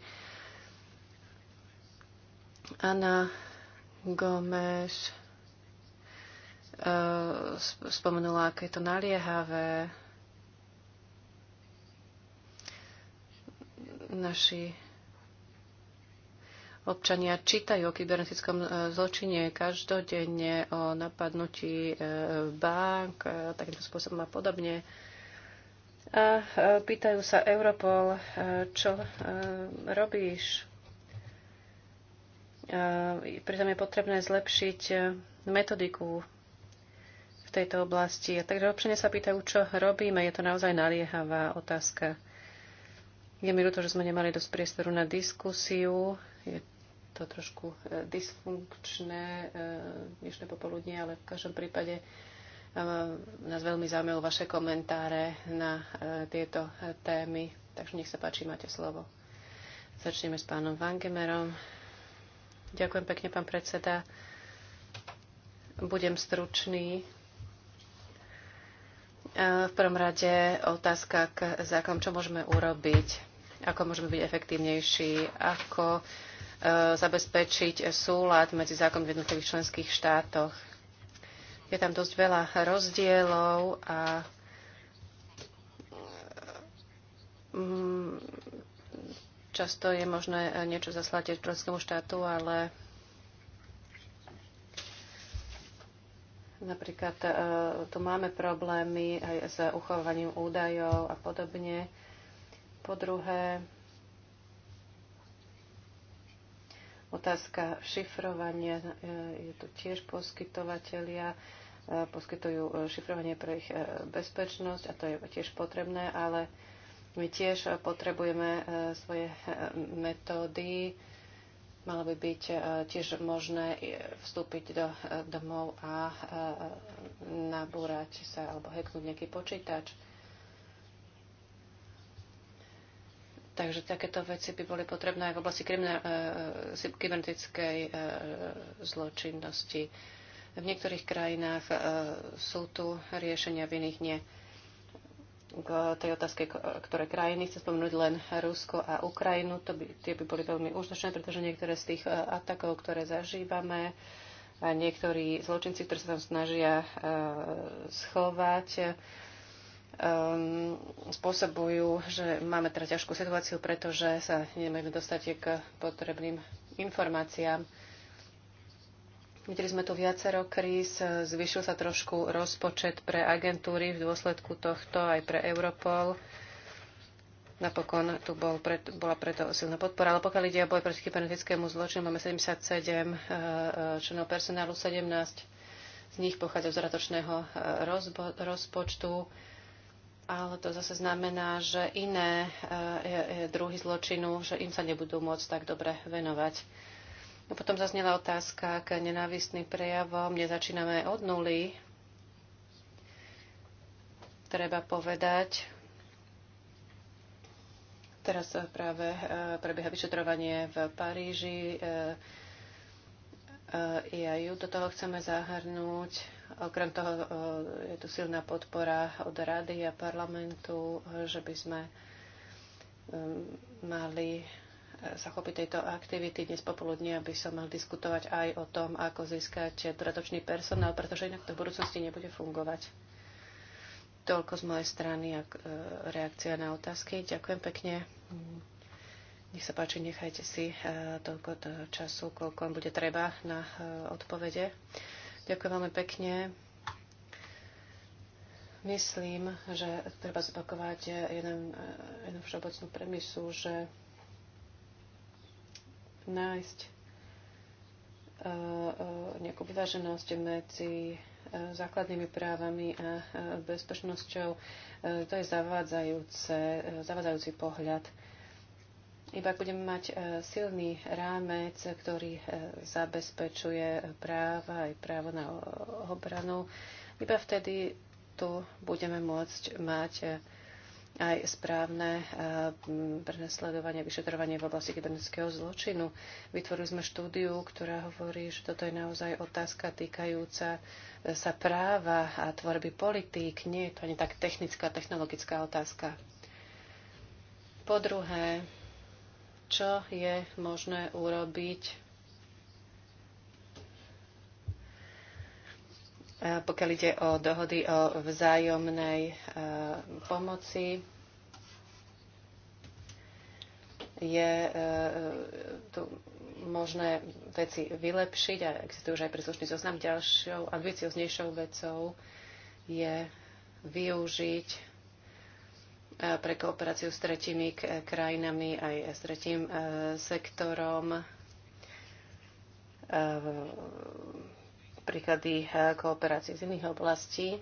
Anna Gomes e, spomenula, aké je to naliehavé. Naši občania čítajú o kybernetickom e, zločine každodenne, o napadnutí e, bank, e, takýmto spôsobom a podobne. A pýtajú sa Europol, čo robíš? Pritom je potrebné zlepšiť metodiku v tejto oblasti. Takže občania sa pýtajú, čo robíme. Je to naozaj naliehavá otázka. Je mi ľúto, že sme nemali dosť priestoru na diskusiu. Je to trošku e, dysfunkčné e, dnešné popoludne, ale v každom prípade e, nás veľmi zaujímajú vaše komentáre na tieto témy. Takže nech sa páči, máte slovo. Začneme s pánom Vangemerom. Ďakujem pekne, pán predseda. Budem stručný. V prvom rade otázka k zákonom, čo môžeme urobiť, ako môžeme byť efektívnejší, ako E, zabezpečiť súlad medzi zákonmi v jednotlivých členských štátoch. Je tam dosť veľa rozdielov a mm, často je možné niečo zaslať členskému štátu, ale napríklad e, tu máme problémy aj s uchovaním údajov a podobne. Po druhé, Otázka šifrovania e, je tu tiež poskytovateľia e, poskytujú e, šifrovanie pre ich bezpečnosť a to je tiež potrebné, ale my tiež potrebujeme svoje metódy. Malo by byť tiež možné vstúpiť do domov a nabúrať sa alebo hacknúť nejaký počítač. Takže takéto veci by boli potrebné aj v oblasti e, e, kybernetickej e, zločinnosti. V niektorých krajinách sú tu riešenia, v iných nie. K tej otázke, ktoré krajiny, chcem spomenúť len Rusko a Ukrajinu. To by, tie by boli veľmi užitočné, pretože niektoré z tých atakov, ktoré zažívame, a niektorí zločinci, ktorí sa tam snažia schovať, um, spôsobujú, že máme teraz ťažkú situáciu, pretože sa nemáme dostať k potrebným informáciám. Videli sme tu viacero kríz, zvyšil sa trošku rozpočet pre agentúry v dôsledku tohto aj pre Europol. Napokon tu bol pred, bola preto silná podpora. Ale pokiaľ ide o boj proti kybernetickému zločinu, máme 77 eh, členov personálu, 17 z nich pochádza z ratočného eh, rozpočtu ale to zase znamená, že iné e, e, druhy zločinu, že im sa nebudú môcť tak dobre venovať. No potom zaznela otázka k nenávistným prejavom. Nezačíname od nuly. Treba povedať, teraz práve e, prebieha vyšetrovanie v Paríži. ju do toho chceme zahrnúť Okrem toho eh, je tu silná podpora od rady a parlamentu, eh, že by sme eh, mali sa tejto aktivity dnes popoludne, aby som mal diskutovať aj o tom, ako získať dodatočný personál, pretože inak to v budúcnosti nebude fungovať. Toľko z mojej strany a reakcia na otázky. Ďakujem pekne. Nech sa páči, nechajte si toľko času, koľko vám bude treba na odpovede. Ďakujem veľmi pekne. Myslím, že treba zopakovať jeden, jednu všeobecnú premisu, že nájsť e, e, nejakú vyváženosť medzi e, základnými právami a bezpečnosťou, to je zavádzajúce, zavádzajúci pohľad. Iba ak budeme mať e, silný rámec, ktorý e, zabezpečuje práva aj právo na obranu, iba vtedy tu budeme môcť mať e, aj správne prenasledovanie, vyšetrovanie v oblasti kybernetického zločinu. Vytvorili sme štúdiu, ktorá hovorí, že toto je naozaj otázka týkajúca sa práva a tvorby politík. Nie je to ani tak technická, technologická otázka. Po druhé, čo je možné urobiť e, pokiaľ ide o dohody o vzájomnej e, pomoci. Je e, tu možné veci vylepšiť a existuje už aj príslušný zoznam. Ďalšou ambicioznejšou vecou je využiť Eh, pre kooperáciu s tretimi krajinami aj s tretím eh, sektorom. Eh, príklady kooperácie z iných oblastí.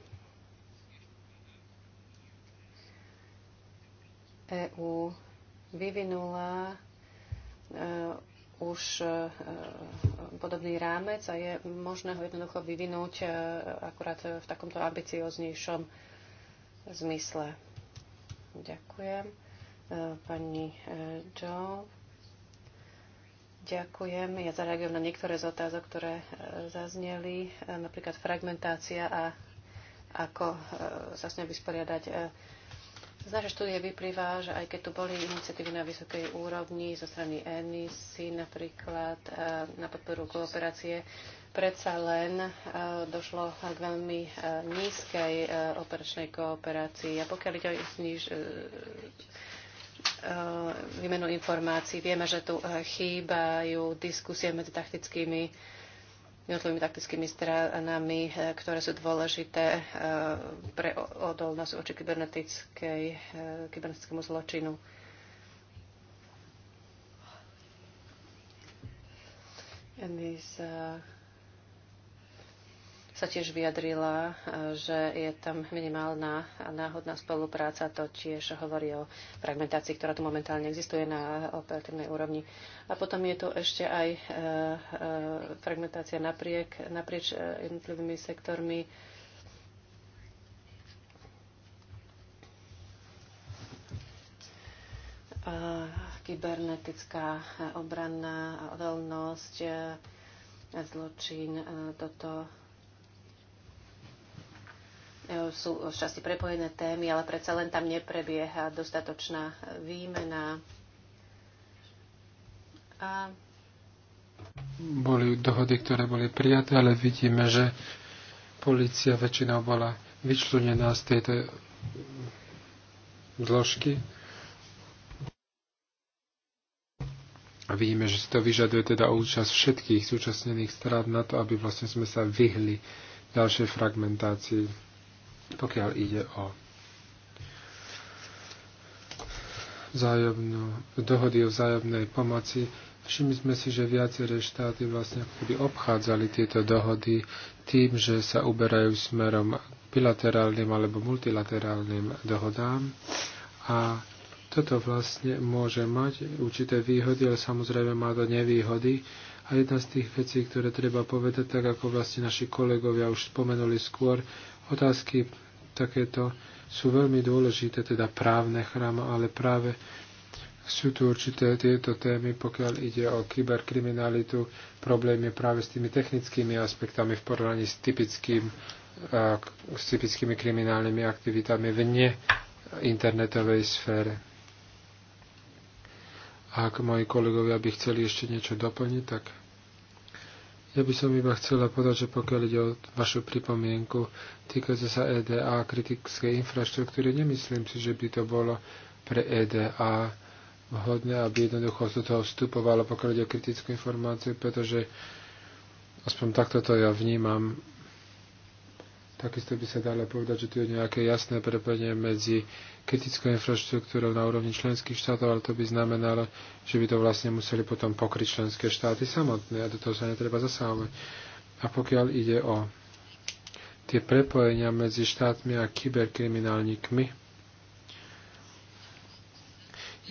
EÚ vyvinula už podobný rámec a je možné ho jednoducho vyvinúť akurát v takomto ambicioznejšom zmysle. Ďakujem. E, pani e, Jo. Ďakujem. Ja zareagujem na niektoré z otázok, ktoré e, zazneli, napríklad fragmentácia a ako sa s ňou vysporiadať. Z našej štúdie vyplýva, že aj keď tu boli iniciatívy na vysokej úrovni zo strany ENISI napríklad eh, na podporu kooperácie, predsa len eh, došlo k veľmi eh, nízkej operačnej kooperácii. A pokiaľ ide o zniž, výmenu informácií, vieme, že tu chýbajú diskusie medzi taktickými jednotlivými taktickými stranami, eh, ktoré sú dôležité eh, pre odolnosť voči eh, kybernetickému zločinu. uh, sa tiež vyjadrila, e, že je tam minimálna a náhodná spolupráca. To tiež hovorí o fragmentácii, ktorá tu momentálne existuje na operatívnej úrovni. A potom je tu ešte aj e, e, fragmentácia napriek, naprieč jednotlivými sektormi. kybernetická obranná veľnosť, zločin, toto E, sú časti prepojené témy, ale predsa len tam neprebieha dostatočná výmena. A... Boli dohody, ktoré boli prijaté, ale vidíme, že policia väčšinou bola vyčlenená z tejto zložky. A vidíme, že si to vyžaduje teda účasť všetkých zúčastnených strát na to, aby vlastne sme sa vyhli ďalšej fragmentácii pokiaľ ide o vzájomnú, dohody o vzájomnej pomoci, všimli sme si, že viaceré štáty vlastne keby obchádzali tieto dohody tým, že sa uberajú smerom bilaterálnym alebo multilaterálnym dohodám a toto vlastne môže mať určité výhody, ale samozrejme má to nevýhody. A jedna z tých vecí, ktoré treba povedať, tak ako vlastne naši kolegovia už spomenuli skôr, Otázky takéto sú veľmi dôležité, teda právne chrám, ale práve sú tu určité tieto témy, pokiaľ ide o kyberkriminalitu. Problém je práve s tými technickými aspektami v porovnaní s, typickým, s typickými kriminálnymi aktivitami v ne internetovej sfére. Ak moji kolegovia by chceli ešte niečo doplniť, tak ja by som iba chcela povedať, že pokiaľ ide o vašu pripomienku týkajúce sa EDA a kritickej infraštruktúry, nemyslím si, že by to bolo pre EDA vhodné, aby jednoducho do toho vstupovalo, pokiaľ ide o kritickú informáciu, pretože aspoň takto to ja vnímam Takisto by sa dalo povedať, že tu je nejaké jasné prepojenie medzi kritickou infraštruktúrou na úrovni členských štátov, ale to by znamenalo, že by to vlastne museli potom pokryť členské štáty samotné a do toho sa netreba zasahovať. A pokiaľ ide o tie prepojenia medzi štátmi a kyberkriminálnikmi,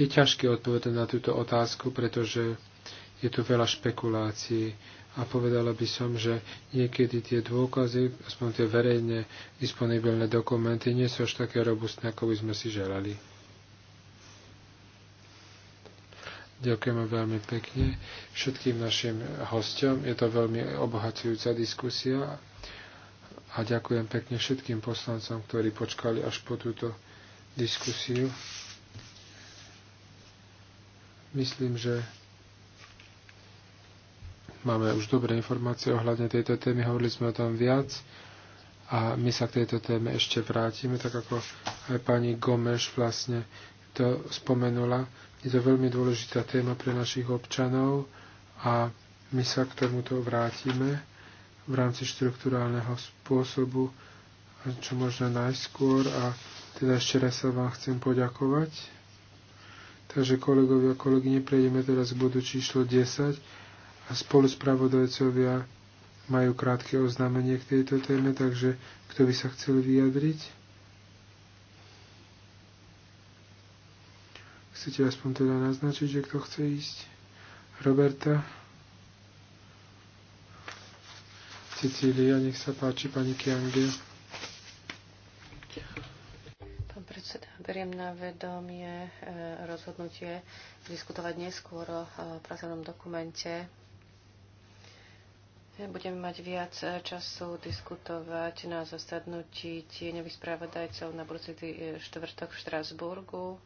je ťažké odpovedať na túto otázku, pretože je tu veľa špekulácií a povedala by som, že niekedy tie dôkazy, aspoň tie verejne disponibilné dokumenty, nie sú až také robustné, ako by sme si želali. Ďakujeme veľmi pekne všetkým našim hostom. Je to veľmi obohacujúca diskusia a ďakujem pekne všetkým poslancom, ktorí počkali až po túto diskusiu. Myslím, že Máme už dobré informácie ohľadne tejto témy, hovorili sme o tom viac a my sa k tejto téme ešte vrátime, tak ako aj pani Gomeš vlastne to spomenula. Je to veľmi dôležitá téma pre našich občanov a my sa k tomuto vrátime v rámci štruktúrálneho spôsobu, čo možno najskôr. A teda ešte raz sa vám chcem poďakovať. Takže kolegovia a kolegyne, prejdeme teraz k bodu číslo 10 a spoluspravodajcovia majú krátke oznámenie k tejto téme, takže kto by sa chcel vyjadriť? Chcete aspoň teda naznačiť, že kto chce ísť? Roberta? Cecília, nech sa páči, pani Kiange. Pán predseda, beriem na vedomie e, rozhodnutie diskutovať neskôr o e, pracovnom dokumente Budeme mať viac eh, času diskutovať na zasadnutí tieňových správodajcov na budúci eh, štvrtok v Štrasburgu.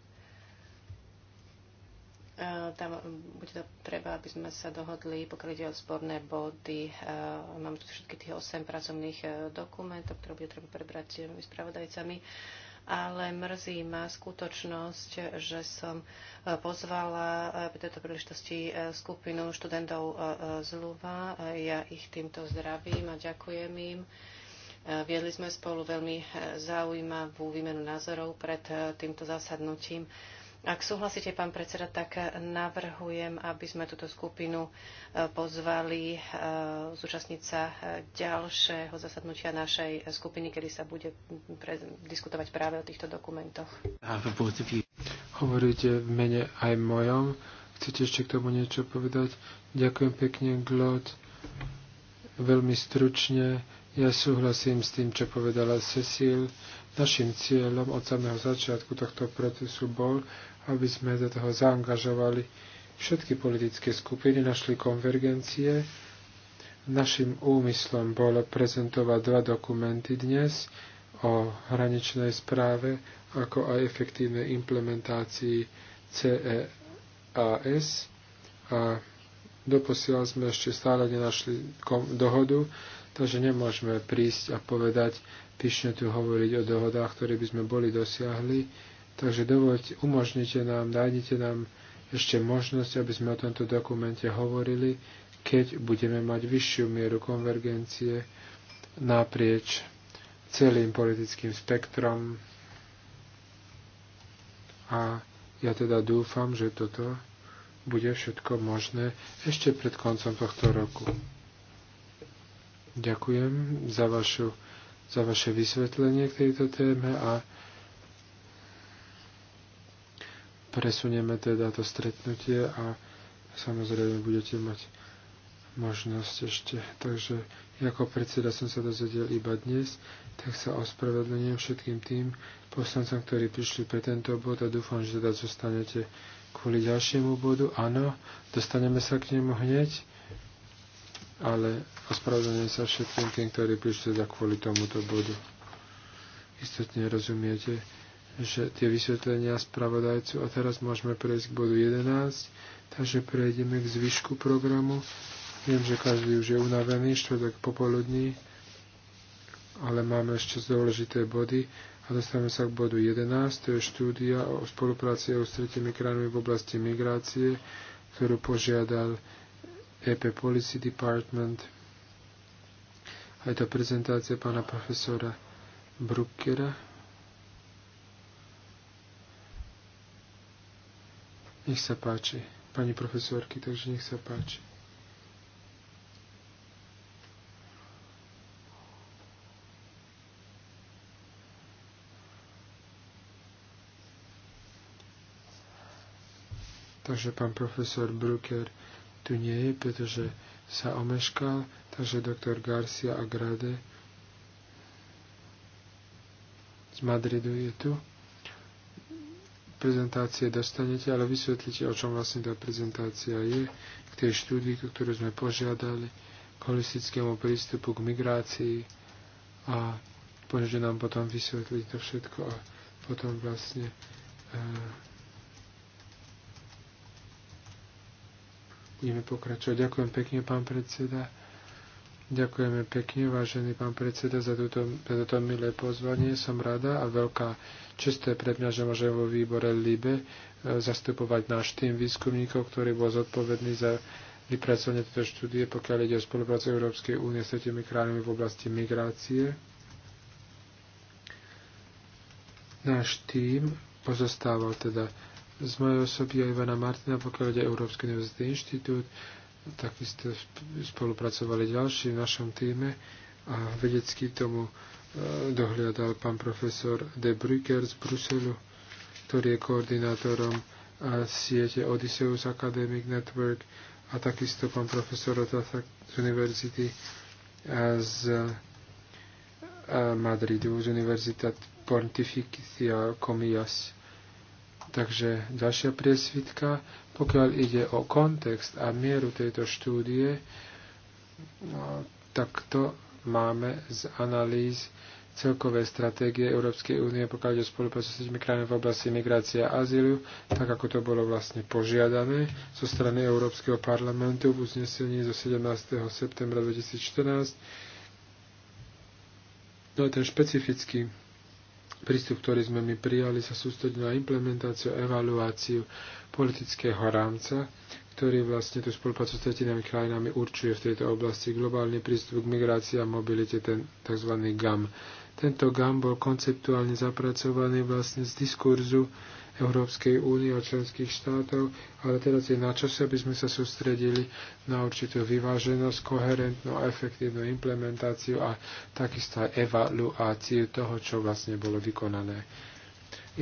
Eh, tam bude to treba, aby sme sa dohodli, pokiaľ ide o sporné body. Mám tu všetky tých 8 pracovných dokumentov, ktoré bude treba prebrať s tieňovými správodajcami ale mrzí ma skutočnosť, že som e, pozvala v e, tejto príležitosti e, skupinu študentov z Luva. Ja ich týmto zdravím a ďakujem im. Viedli sme spolu veľmi zaujímavú výmenu názorov pred týmto zasadnutím ak súhlasíte, pán predseda, tak navrhujem, aby sme túto skupinu e, pozvali e, zúčastniť sa e, ďalšieho zasadnutia našej skupiny, kedy sa bude diskutovať práve o týchto dokumentoch. Hovoríte v mene aj mojom. Chcete ešte k tomu niečo povedať? Ďakujem pekne, Glod. Veľmi stručne. Ja súhlasím s tým, čo povedala Cecil. Našim cieľom od samého začiatku tohto procesu bol, aby sme do toho zaangažovali všetky politické skupiny, našli konvergencie. Našim úmyslom bolo prezentovať dva dokumenty dnes o hraničnej správe, ako aj efektívnej implementácii CEAS. A doposiaľ sme ešte stále nenašli dohodu, takže nemôžeme prísť a povedať, pyšne tu hovoriť o dohodách, ktoré by sme boli dosiahli Takže dovolte, umožnite nám, dajte nám ešte možnosť, aby sme o tomto dokumente hovorili, keď budeme mať vyššiu mieru konvergencie naprieč celým politickým spektrom. A ja teda dúfam, že toto bude všetko možné ešte pred koncom tohto roku. Ďakujem za, vašu, za vaše vysvetlenie k tejto téme a presunieme teda to stretnutie a samozrejme budete mať možnosť ešte. Takže ako predseda som sa dozvedel iba dnes, tak sa ospravedlňujem všetkým tým poslancom, ktorí prišli pre tento bod a dúfam, že teda zostanete kvôli ďalšiemu bodu. Áno, dostaneme sa k nemu hneď, ale ospravedlňujem sa všetkým tým, ktorí prišli teda kvôli tomuto bodu. Istotne rozumiete, že tie vysvetlenia spravodajcu. A teraz môžeme prejsť k bodu 11, takže prejdeme k zvyšku programu. Viem, že každý už je unavený, štvrtok popoludní, ale máme ešte dôležité body a dostávame sa k bodu 11, to je štúdia o spolupráci s tretimi krajinami v oblasti migrácie, ktorú požiadal EP Policy Department. Aj to prezentácia pána profesora Bruckera Nech sa páči, pani profesorky, takže nech sa páči. Takže pán profesor Brucker tu nie je, pretože sa omeškal, takže doktor Garcia Agrade z Madridu je tu prezentácie dostanete, ale vysvetlite, o čom vlastne tá prezentácia je, k tej štúdii, ktorú sme požiadali, k holistickému prístupu k migrácii a pomôže nám potom vysvetliť to všetko a potom vlastne eh, budeme pokračovať. Ďakujem pekne, pán predseda. Ďakujeme pekne, vážený pán predseda, za, toto, za toto milé pozvanie. Som rada a veľká čest je pre mňa, že môžem vo výbore LIBE e, zastupovať náš tým výskumníkov, ktorý bol zodpovedný za vypracovanie tejto štúdie, pokiaľ ide o spoluprácu Európskej únie s tretimi krajinami v oblasti migrácie. Náš tým pozostával teda z mojej osoby Ivana Martina, pokiaľ ide Európsky univerzitný inštitút, takisto spolupracovali ďalší v našom týme a vedecky tomu e, dohliadal pán profesor De Bruyker z Bruselu, ktorý je koordinátorom e, siete Odysseus Academic Network a takisto pán profesor Otasa e, z univerzity z Madridu, z univerzita Pontificia Comillas. Takže ďalšia priesvitka, pokiaľ ide o kontext a mieru tejto štúdie, no, tak to máme z analýz celkové stratégie Európskej únie, pokiaľ ide o spoluprácu s tými krajinami v oblasti migrácie a azylu, tak ako to bolo vlastne požiadané zo strany Európskeho parlamentu v uznesení zo 17. septembra 2014. No ten špecifický prístup, ktorý sme my prijali, sa sústredil na implementáciu a evaluáciu politického rámca, ktorý vlastne tú spoluprácu s tretinami krajinami určuje v tejto oblasti globálny prístup k migrácii a mobilite, ten tzv. GAM. Tento GAM bol konceptuálne zapracovaný vlastne z diskurzu Európskej únie a členských štátov, ale teraz je na čase, aby sme sa sústredili na určitú vyváženosť, koherentnú a efektívnu implementáciu a takisto aj evaluáciu toho, čo vlastne bolo vykonané.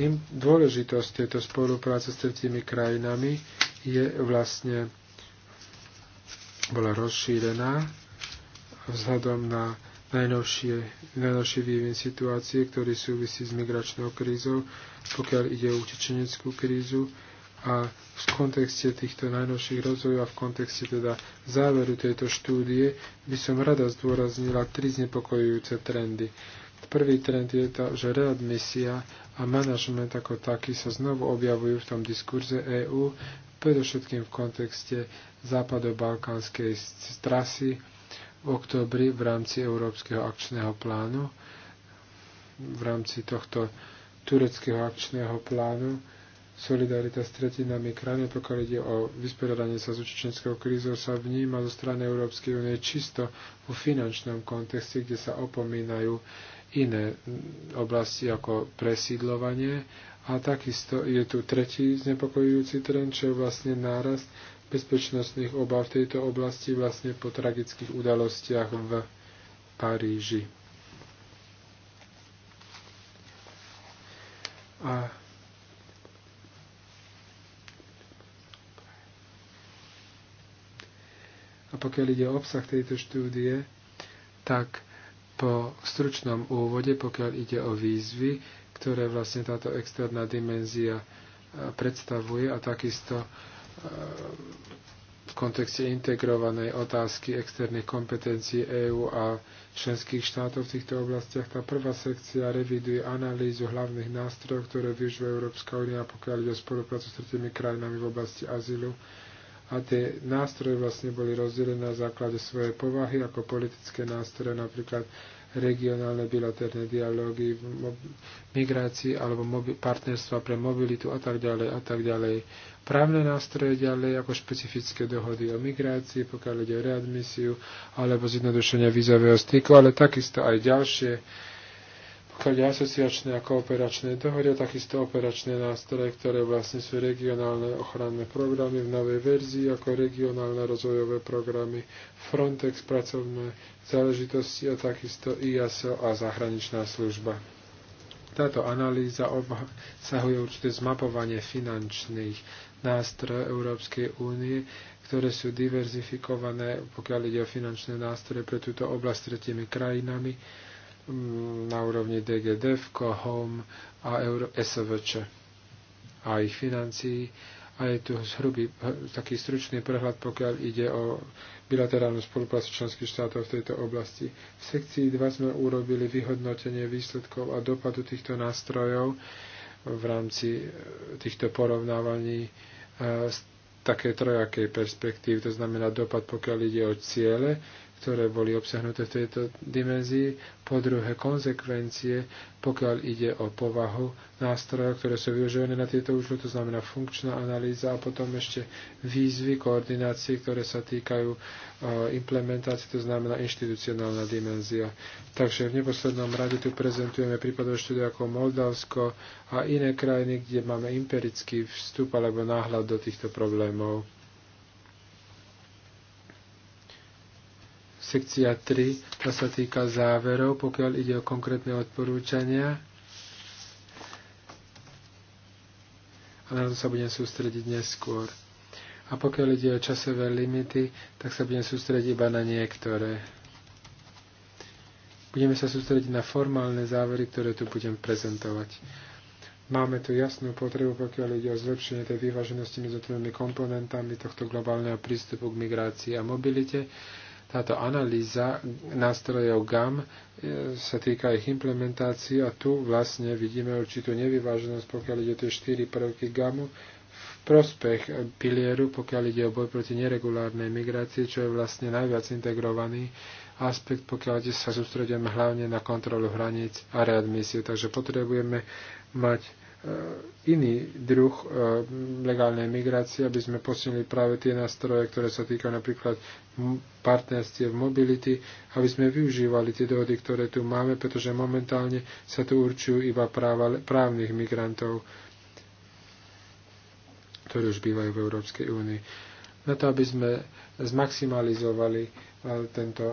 Im dôležitosť tejto spolupráce s tretími krajinami je vlastne bola rozšírená vzhľadom na najnovšie, najnovšie vývin situácie, ktorý súvisí s migračnou krízou pokiaľ ide o utečeneckú krízu a v kontexte týchto najnovších rozvojov a v kontexte teda záveru tejto štúdie by som rada zdôraznila tri znepokojujúce trendy. Prvý trend je to, že readmisia a manažment ako taký sa znovu objavujú v tom diskurze EÚ, predovšetkým v kontexte západo-balkánskej trasy v oktobri v rámci Európskeho akčného plánu. V rámci tohto tureckého akčného plánu Solidarita s tretinami krajín, pokiaľ ide o vysporiadanie sa z učečenskou krízou, sa vníma zo strany Európskej únie čisto vo finančnom kontexte, kde sa opomínajú iné oblasti ako presídlovanie. A takisto je tu tretí znepokojujúci trend, čo je vlastne nárast bezpečnostných obav v tejto oblasti vlastne po tragických udalostiach v Paríži. A A pokiaľ ide o obsah tejto štúdie, tak po stručnom úvode, pokiaľ ide o výzvy, ktoré vlastne táto externá dimenzia e, predstavuje a takisto e, kontexte integrovanej otázky externých kompetencií EÚ a členských štátov v týchto oblastiach. Tá prvá sekcia reviduje analýzu hlavných nástrojov, ktoré využíva Európska únia, pokiaľ ide o spoluprácu s tretimi krajinami v oblasti azylu. A tie nástroje vlastne boli rozdelené na základe svojej povahy ako politické nástroje, napríklad regionálne bilaterné dialógy, migrácii alebo partnerstva pre mobilitu a tak ďalej a tak ďalej. Právne nástroje ďalej ako špecifické dohody o migrácii, pokiaľ ide o readmisiu alebo zjednodušenia vízového styku, ale takisto aj ďalšie ide asociačné a kooperačné dohody, a takisto operačné nástroje, ktoré vlastne sú regionálne ochranné programy v novej verzii, ako regionálne rozvojové programy Frontex, pracovné záležitosti a takisto IASO a zahraničná služba. Táto analýza obsahuje určité zmapovanie finančných nástrojov Európskej únie, ktoré sú diverzifikované, pokiaľ ide o finančné nástroje pre túto oblasť s tretimi krajinami, Mm, na úrovni DGDF, CoHOM a Euro SVČ a ich financií. A je tu hrubý, taký stručný prehľad, pokiaľ ide o bilaterálnu spoluprácu členských štátov v tejto oblasti. V sekcii 2 sme urobili vyhodnotenie výsledkov a dopadu týchto nástrojov v rámci e, týchto porovnávaní e, z také trojakej perspektív, to znamená dopad, pokiaľ ide o ciele, ktoré boli obsahnuté v tejto dimenzii, po druhé konsekvencie, pokiaľ ide o povahu nástrojov, ktoré sú využívané na tieto účely, to znamená funkčná analýza a potom ešte výzvy, koordinácie, ktoré sa týkajú eh, implementácie, to znamená inštitucionálna dimenzia. Takže v neposlednom rade tu prezentujeme prípadov štúdia ako Moldavsko a iné krajiny, kde máme empirický vstup alebo náhľad do týchto problémov. sekcia 3, tá sa týka záverov, pokiaľ ide o konkrétne odporúčania. A na to sa budem sústrediť neskôr. A pokiaľ ide o časové limity, tak sa budem sústrediť iba na niektoré. Budeme sa sústrediť na formálne závery, ktoré tu budem prezentovať. Máme tu jasnú potrebu, pokiaľ ide o zlepšenie tej vyváženosti medzi tými komponentami tohto globálneho prístupu k migrácii a mobilite táto analýza nástrojov GAM e, sa týka ich implementácií a tu vlastne vidíme určitú nevyváženosť, pokiaľ ide o tie štyri prvky GAMu v prospech e, pilieru, pokiaľ ide o boj proti neregulárnej migrácii, čo je vlastne najviac integrovaný aspekt, pokiaľ sa sústredíme hlavne na kontrolu hraníc a readmisie. Takže potrebujeme mať E, iný druh e, legálnej migrácie, aby sme posunili práve tie nástroje, ktoré sa týkajú napríklad partnerstiev mobility, aby sme využívali tie dohody, ktoré tu máme, pretože momentálne sa tu určujú iba práva právnych migrantov, ktorí už bývajú v Európskej únii. Na to, aby sme zmaximalizovali e, tento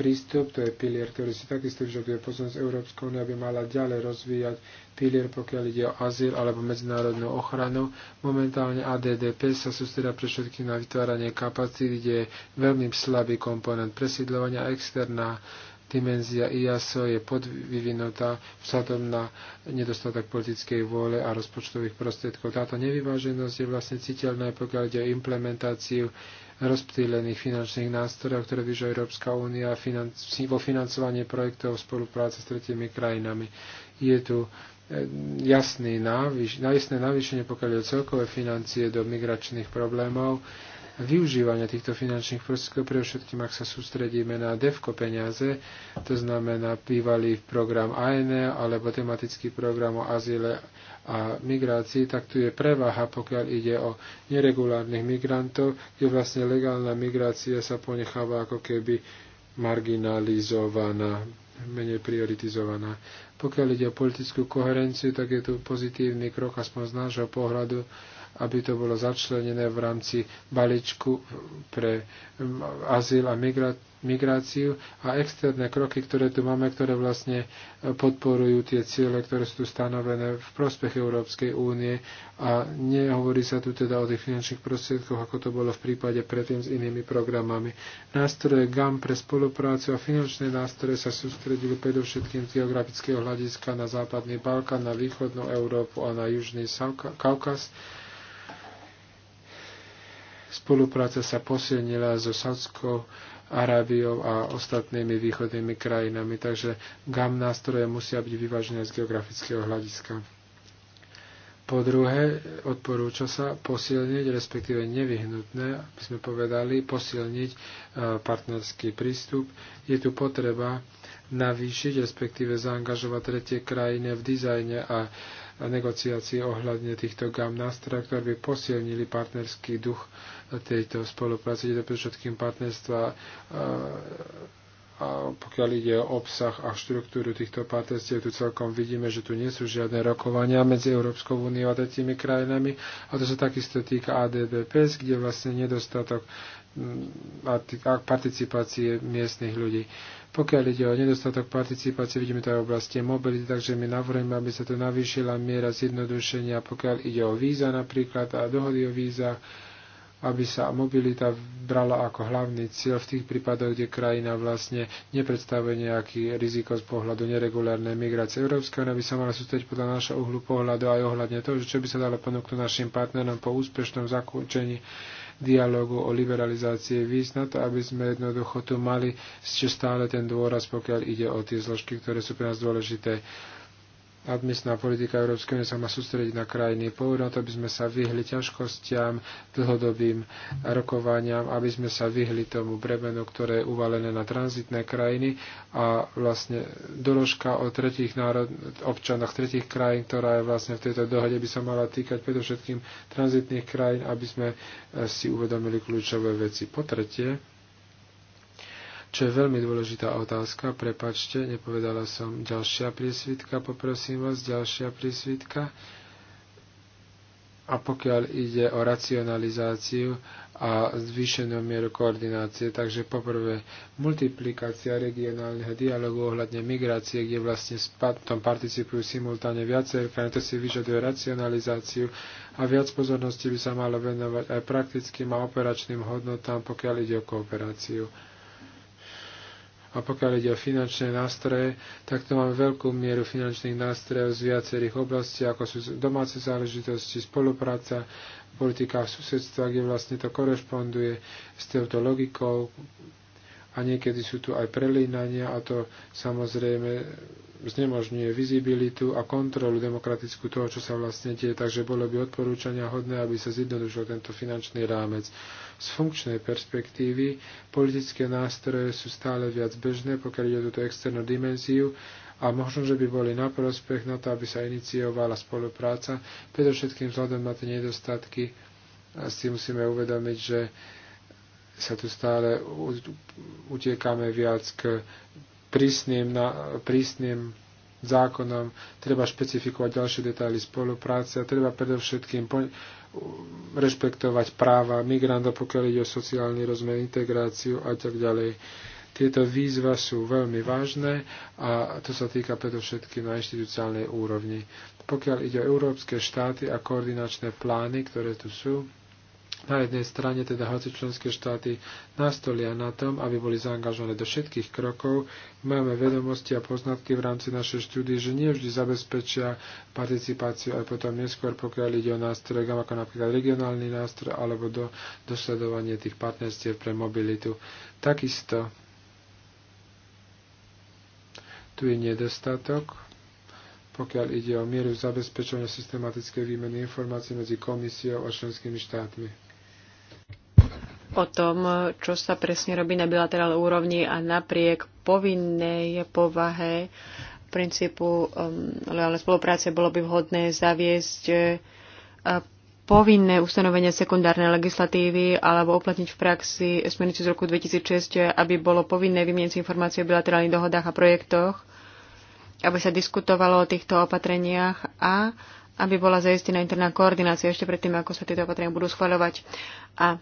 prístup, to je pilier, ktorý si takisto vyžaduje pozornosť Európskej únie, aby mala ďalej rozvíjať pilier, pokiaľ ide o azyl alebo medzinárodnú ochranu. Momentálne ADDP sa sústredá pre všetkých na vytváranie kapacít, kde je veľmi slabý komponent presídľovania externá dimenzia IASO je podvyvinutá vzhľadom na nedostatok politickej vôle a rozpočtových prostriedkov. Táto nevyváženosť je vlastne citeľná, pokiaľ ide o implementáciu rozptýlených finančných nástrojov, ktoré vyžuje Európska únia vo financovanie projektov v spolupráce s tretimi krajinami. Je tu e, jasný návyš, jasné navýšenie, pokiaľ je celkové financie do migračných problémov, využívania týchto finančných prostriedkov, pre všetkým, ak sa sústredíme na DEFCO peniaze, to znamená bývalý program ANE alebo tematický program o azile a migrácii, tak tu je prevaha, pokiaľ ide o neregulárnych migrantov, kde vlastne legálna migrácia sa ponecháva ako keby marginalizovaná, menej prioritizovaná. Pokiaľ ide o politickú koherenciu, tak je tu pozitívny krok, aspoň z nášho pohľadu, aby to bolo začlenené v rámci balíčku pre um, azyl a migráciu a externé kroky, ktoré tu máme, ktoré vlastne e, podporujú tie ciele, ktoré sú tu stanovené v prospech Európskej únie a nehovorí sa tu teda o tých finančných prostriedkoch, ako to bolo v prípade predtým s inými programami. Nástroje GAM pre spoluprácu a finančné nástroje sa sústredili predovšetkým z geografického hľadiska na západný Balkán, na východnú Európu a na južný Kaukaz. Spolupráca sa posilnila so Saudskou Arábiou a ostatnými východnými krajinami, takže GAM nástroje musia byť vyvážené z geografického hľadiska. Po druhé, odporúča sa posilniť, respektíve nevyhnutné, aby sme povedali, posilniť e, partnerský prístup. Je tu potreba navýšiť, respektíve zaangažovať tretie krajiny v dizajne a negociácie ohľadne týchto GAM nástra, ktoré by posilnili partnerský duch tejto spolupráce. Je to predovšetkým partnerstva e, a pokiaľ ide o obsah a štruktúru týchto partnerstiev, tu celkom vidíme, že tu nie sú žiadne rokovania medzi Európskou úniou a tretími krajinami. A to sa takisto týka ADBPS, kde vlastne nedostatok participácie miestnych ľudí. Pokiaľ ide o nedostatok participácie, vidíme to aj v oblasti mobility, takže my navrhujeme, aby sa tu navýšila miera zjednodušenia, pokiaľ ide o víza napríklad a dohody o vízach, aby sa mobilita brala ako hlavný cieľ v tých prípadoch, kde krajina vlastne nepredstavuje nejaký riziko z pohľadu neregulárnej migrácie. Európska únia by sa mala sústrediť podľa našho uhlu pohľadu aj ohľadne toho, čo by sa dalo ponúknuť našim partnerom po úspešnom zakončení dialogu o liberalizácii víz na to, aby sme jednoducho tu mali ešte stále ten dôraz, pokiaľ ide o tie zložky, ktoré sú pre nás dôležité admisná politika Európskej únie sa má sústrediť na krajiny pôvodu, to, aby sme sa vyhli ťažkostiam, dlhodobým rokovaniam, aby sme sa vyhli tomu bremenu, ktoré je uvalené na tranzitné krajiny a vlastne doložka o tretích národ, občanoch tretích krajín, ktorá je vlastne v tejto dohode by sa mala týkať predovšetkým tranzitných krajín, aby sme si uvedomili kľúčové veci. Po tretie, čo je veľmi dôležitá otázka. Prepačte, nepovedala som. Ďalšia prísvitka, poprosím vás, ďalšia prísvitka. A pokiaľ ide o racionalizáciu a zvýšenú mieru koordinácie, takže poprvé multiplikácia regionálneho dialogu ohľadne migrácie, kde vlastne tom participujú simultáne viacej krajiny, to si vyžaduje racionalizáciu a viac pozornosti by sa malo venovať aj praktickým a operačným hodnotám, pokiaľ ide o kooperáciu. A pokiaľ ide o finančné nástroje, tak tu máme veľkú mieru finančných nástrojov z viacerých oblastí, ako sú domáce záležitosti, spolupráca, politika susedstva, kde vlastne to korešponduje s touto logikou a niekedy sú tu aj prelínania a to samozrejme znemožňuje vizibilitu a kontrolu demokratickú toho, čo sa vlastne deje. Takže bolo by odporúčania hodné, aby sa zjednodušil tento finančný rámec. Z funkčnej perspektívy politické nástroje sú stále viac bežné, pokiaľ ide o túto externú dimenziu a možno, že by boli na prospech na to, aby sa iniciovala spolupráca. Predovšetkým vzhľadom na tie nedostatky si musíme uvedomiť, že sa tu stále utiekame viac k prísnym, na, prísnym zákonom, treba špecifikovať ďalšie detaily spolupráce a treba predovšetkým po, rešpektovať práva migrantov, pokiaľ ide o sociálny rozmer, integráciu a tak ďalej. Tieto výzva sú veľmi vážne a to sa týka predovšetkým na inštitúciálnej úrovni. Pokiaľ ide o európske štáty a koordinačné plány, ktoré tu sú, na jednej strane teda hoci členské štáty nastolia na tom, aby boli zaangažované do všetkých krokov, máme vedomosti a poznatky v rámci našej štúdie, že nie vždy zabezpečia participáciu aj potom neskôr, pokiaľ ide o nástroj, ako napríklad regionálny nástroj alebo do dosledovanie tých partnerstiev pre mobilitu. Takisto tu je nedostatok pokiaľ ide o mieru zabezpečenia systematickej výmeny informácií medzi komisiou a členskými štátmi o tom, čo sa presne robí na bilaterálnej úrovni a napriek povinnej povahe princípu um, spolupráce bolo by vhodné zaviesť uh, povinné ustanovenie sekundárnej legislatívy alebo uplatniť v praxi smernicu z roku 2006, aby bolo povinné vymieniť informácie o bilaterálnych dohodách a projektoch, aby sa diskutovalo o týchto opatreniach a aby bola zaistená interná koordinácia ešte predtým, ako sa tieto opatrenia budú schvaľovať. A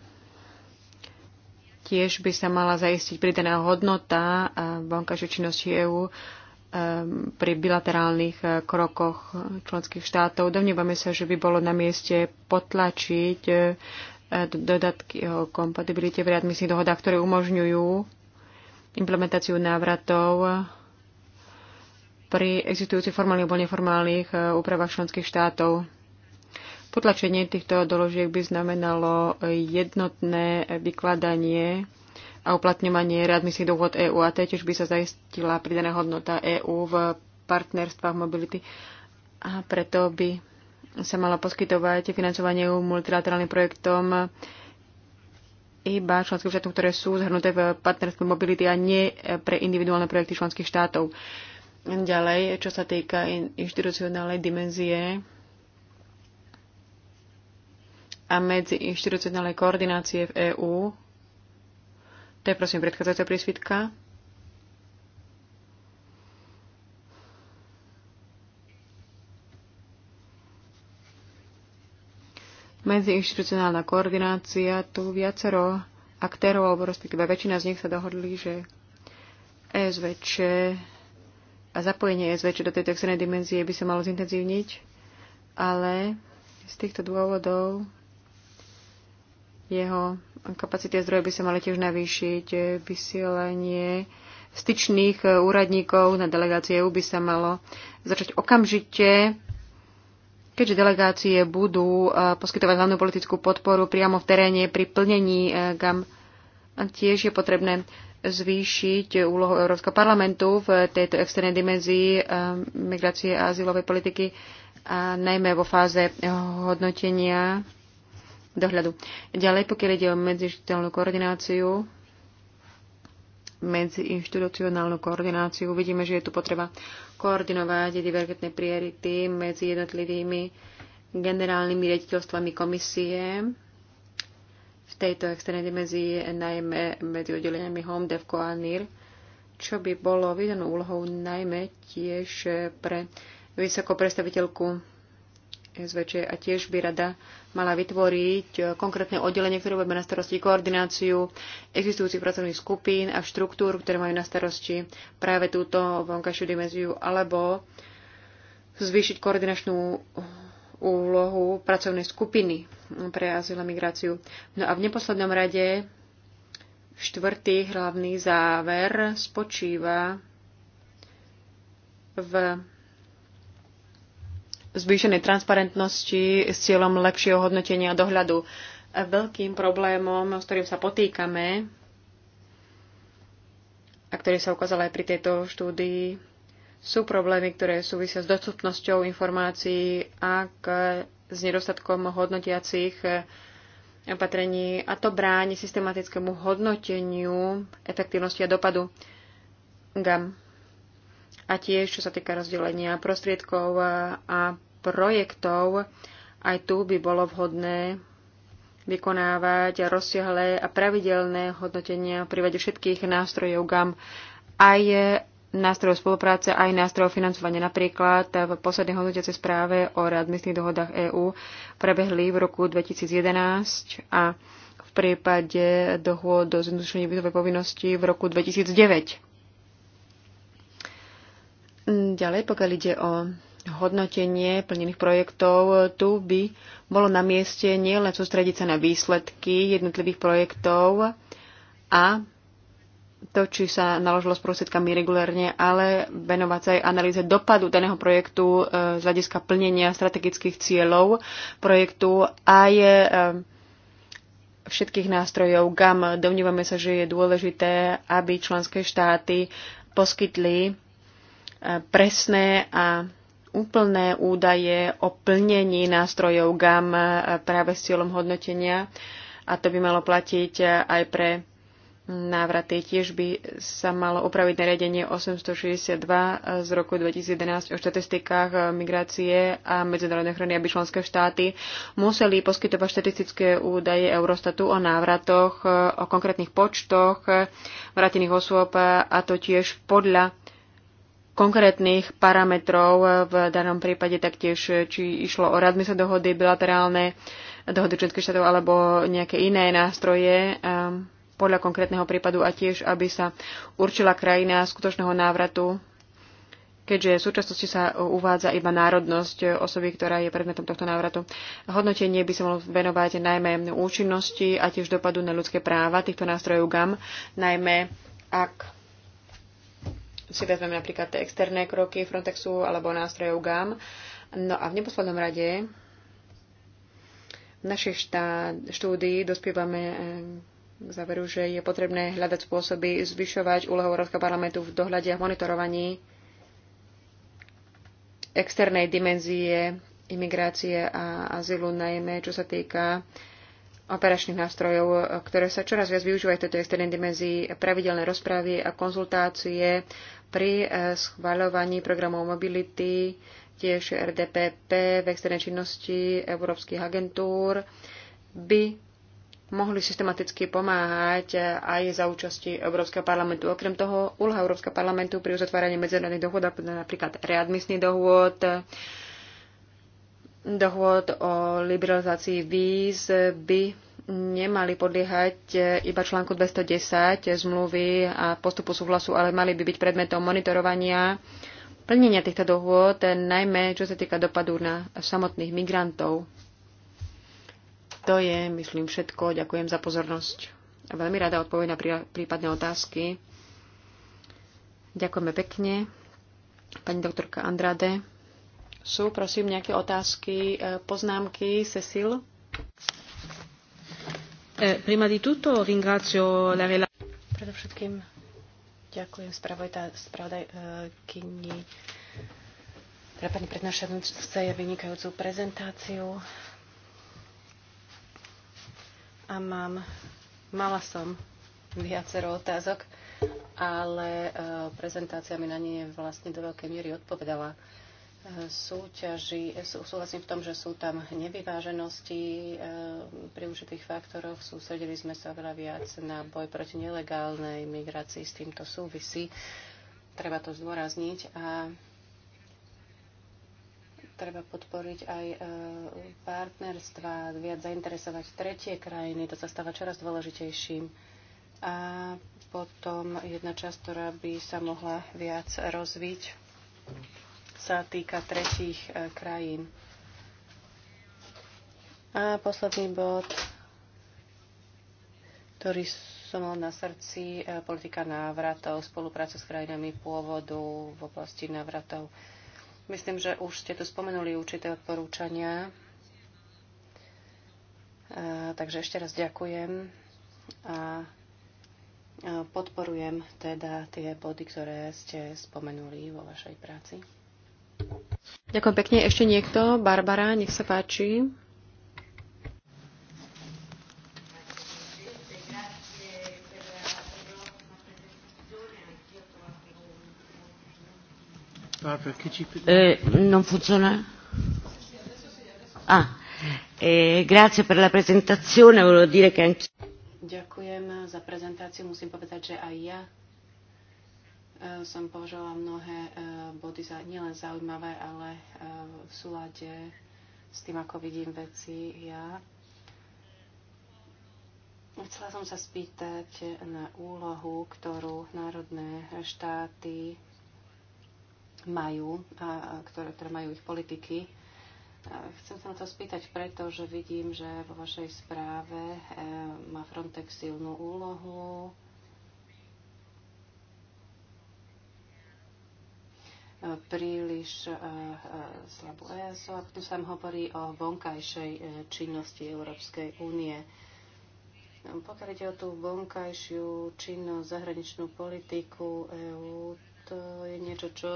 Tiež by sa mala zaistiť pridaná hodnota vonkajšej činnosti EÚ um, pri bilaterálnych uh, krokoch členských štátov. Domnievame sa, že by bolo na mieste potlačiť uh, dodatky o kompatibilite v readmisných dohodách, ktoré umožňujú implementáciu návratov pri existujúcich formálnych alebo neformálnych uh, úpravách členských štátov. Potlačenie týchto doložiek by znamenalo jednotné vykladanie a uplatňovanie readmisných dohod EÚ a tiež by sa zaistila pridaná hodnota EÚ v partnerstvách mobility a preto by sa mala poskytovať financovanie EU multilaterálnym projektom iba členským štátom, ktoré sú zhrnuté v partnerstve mobility a nie pre individuálne projekty členských štátov. Ďalej, čo sa týka inštitucionálnej dimenzie a medzi inštitucionálnej koordinácie v EÚ. To je prosím predchádzajúca prísvitka. Medziinštitucionálna koordinácia, tu viacero aktérov, alebo respektíve väčšina z nich sa dohodli, že ESVČ a zapojenie e SVČ do tejto externej dimenzie by sa malo zintenzívniť, ale z týchto dôvodov jeho kapacity a zdroje by sa mali tiež navýšiť. Vysielanie styčných eh, úradníkov na delegácie EU by sa malo začať okamžite keďže delegácie budú eh, poskytovať hlavnú politickú podporu priamo v teréne pri plnení eh, GAM. A tiež je potrebné zvýšiť úlohu Európskeho parlamentu v tejto externej dimenzii migrácie a azylovej politiky, a najmä vo fáze hodnotenia dohľadu. Ďalej, pokiaľ ide o medzištitálnu koordináciu, medziinstitucionálnu koordináciu, vidíme, že je tu potreba koordinovať divergentné priority medzi jednotlivými generálnymi riaditeľstvami komisie v tejto externej dimenzii, najmä medzi oddeleniami Home, Devco a NIR, čo by bolo vydanou úlohou najmä tiež pre vysokú predstaviteľku SVČ a tiež by rada mala vytvoriť e, konkrétne oddelenie, ktoré bude na starosti koordináciu existujúcich pracovných skupín a štruktúr, ktoré majú na starosti práve túto vonkajšiu dimenziu, alebo zvýšiť koordinačnú úlohu pracovnej skupiny pre azyl a migráciu. No a v neposlednom rade štvrtý hlavný záver spočíva v zvýšenej transparentnosti s cieľom lepšieho hodnotenia dohľadu. Veľkým problémom, s ktorým sa potýkame a ktorý sa ukázal aj pri tejto štúdii, sú problémy, ktoré súvisia s dostupnosťou informácií a s nedostatkom hodnotiacich opatrení a to bráni systematickému hodnoteniu efektívnosti a dopadu GAM a tiež čo sa týka rozdelenia prostriedkov a projektov, aj tu by bolo vhodné vykonávať rozsiahlé a pravidelné hodnotenia v prípade všetkých nástrojov GAM, aj nástrojov spolupráce, aj nástrojov financovania. Napríklad v poslednej hodnotiacej správe o readmisných dohodách EÚ prebehli v roku 2011 a v prípade dohôd o zjednodušení výzovej povinnosti v roku 2009. Mm, ďalej, pokiaľ ide o hodnotenie plnených projektov, tu by bolo na mieste nielen sústrediť sa na výsledky jednotlivých projektov a to, či sa naložilo s prostriedkami regulárne, ale venovať sa aj analýze dopadu daného projektu e, z hľadiska plnenia strategických cieľov projektu a aj e, všetkých nástrojov GAM. Domnívame sa, že je dôležité, aby členské štáty poskytli presné a úplné údaje o plnení nástrojov GAM práve s cieľom hodnotenia a to by malo platiť aj pre návraty. Tiež by sa malo upraviť nariadenie 862 z roku 2011 o štatistikách migrácie a medzinárodnej ochrany, aby členské štáty museli poskytovať štatistické údaje Eurostatu o návratoch, o konkrétnych počtoch vrátených osôb a to tiež podľa konkrétnych parametrov e, v danom prípade taktiež, e, či išlo o sa dohody, bilaterálne dohody členských štátov alebo nejaké iné nástroje e, podľa konkrétneho prípadu a tiež, aby sa určila krajina skutočného návratu, keďže v súčasnosti sa uvádza iba národnosť osoby, ktorá je predmetom tohto návratu. Hodnotenie by sa malo venovať najmä účinnosti a tiež dopadu na ľudské práva týchto nástrojov GAM, najmä ak si vezmeme napríklad tie externé kroky Frontexu alebo nástrojov GAM. No a v neposlednom rade v našej štúdii dospievame eh, k záveru, že je potrebné hľadať spôsoby zvyšovať úlohu Európskeho parlamentu v dohľade a monitorovaní externej dimenzie imigrácie a azylu, najmä čo sa týka operačných nástrojov, e, ktoré sa čoraz viac využívajú v tejto externej dimenzii, pravidelné rozpravy a konzultácie pri e, schvaľovaní programov mobility, tiež RDPP v externej činnosti európskych agentúr, by mohli systematicky pomáhať e, aj za účasti Európskeho parlamentu. Okrem toho, úloha Európskeho parlamentu pri uzatváraní medzinárodných dohôd, napríklad readmisný dohôd, dohôd o liberalizácii víz by nemali podliehať e, iba článku 210 zmluvy a postupu súhlasu, ale mali by byť predmetom monitorovania plnenia týchto dohôd, najmä čo sa týka dopadu na samotných migrantov. To je, myslím, všetko. Ďakujem za pozornosť. A veľmi rada odpoviem na prípadné otázky. Ďakujeme pekne. Pani doktorka Andrade. Sú, prosím, nejaké otázky, e, poznámky, Cecil? Eh, prima di tutto ringrazio la Predovšetkým ďakujem spravodajkyni teda pani prednášajúca je vynikajúcu prezentáciu a mám, mala som viacero otázok, ale e, prezentácia mi na nie vlastne do veľkej miery odpovedala súťaži, súhlasím v tom, že sú tam nevyváženosti e, pri určitých faktoroch. Sústredili sme sa veľa viac na boj proti nelegálnej migrácii. S týmto súvisí. Treba to zdôrazniť a treba podporiť aj e, partnerstva, viac zainteresovať tretie krajiny. To sa stáva čoraz dôležitejším. A potom jedna časť, ktorá by sa mohla viac rozviť sa týka tretích e, krajín. A posledný bod, ktorý som mal na srdci, e, politika návratov, spolupráca s krajinami pôvodu v oblasti návratov. Myslím, že už ste tu spomenuli určité odporúčania, e, takže ešte raz ďakujem a podporujem teda tie body, ktoré ste spomenuli vo vašej práci. Ďakujem pekne. Ešte niekto? Barbara, nech sa páči. Eh, non funziona? Ah, eh, grazie per la presentazione, volevo dire che anch'io... Ďakujem za prezentáciu. Musím povedať, že aj ja Eh, som považovala mnohé eh, body za nielen zaujímavé, ale eh, v súlade s tým, ako vidím veci ja. Chcela som sa spýtať na úlohu, ktorú národné štáty majú, a ktoré, ktoré majú ich politiky. Chcem sa na to spýtať preto, že vidím, že vo vašej správe má Frontex silnú úlohu, príliš eh, eh, slabú ESO a tu sa hovorí o vonkajšej eh, činnosti Európskej únie. Pokiaľ ide o tú vonkajšiu činnosť, zahraničnú politiku EÚ, to je niečo, čo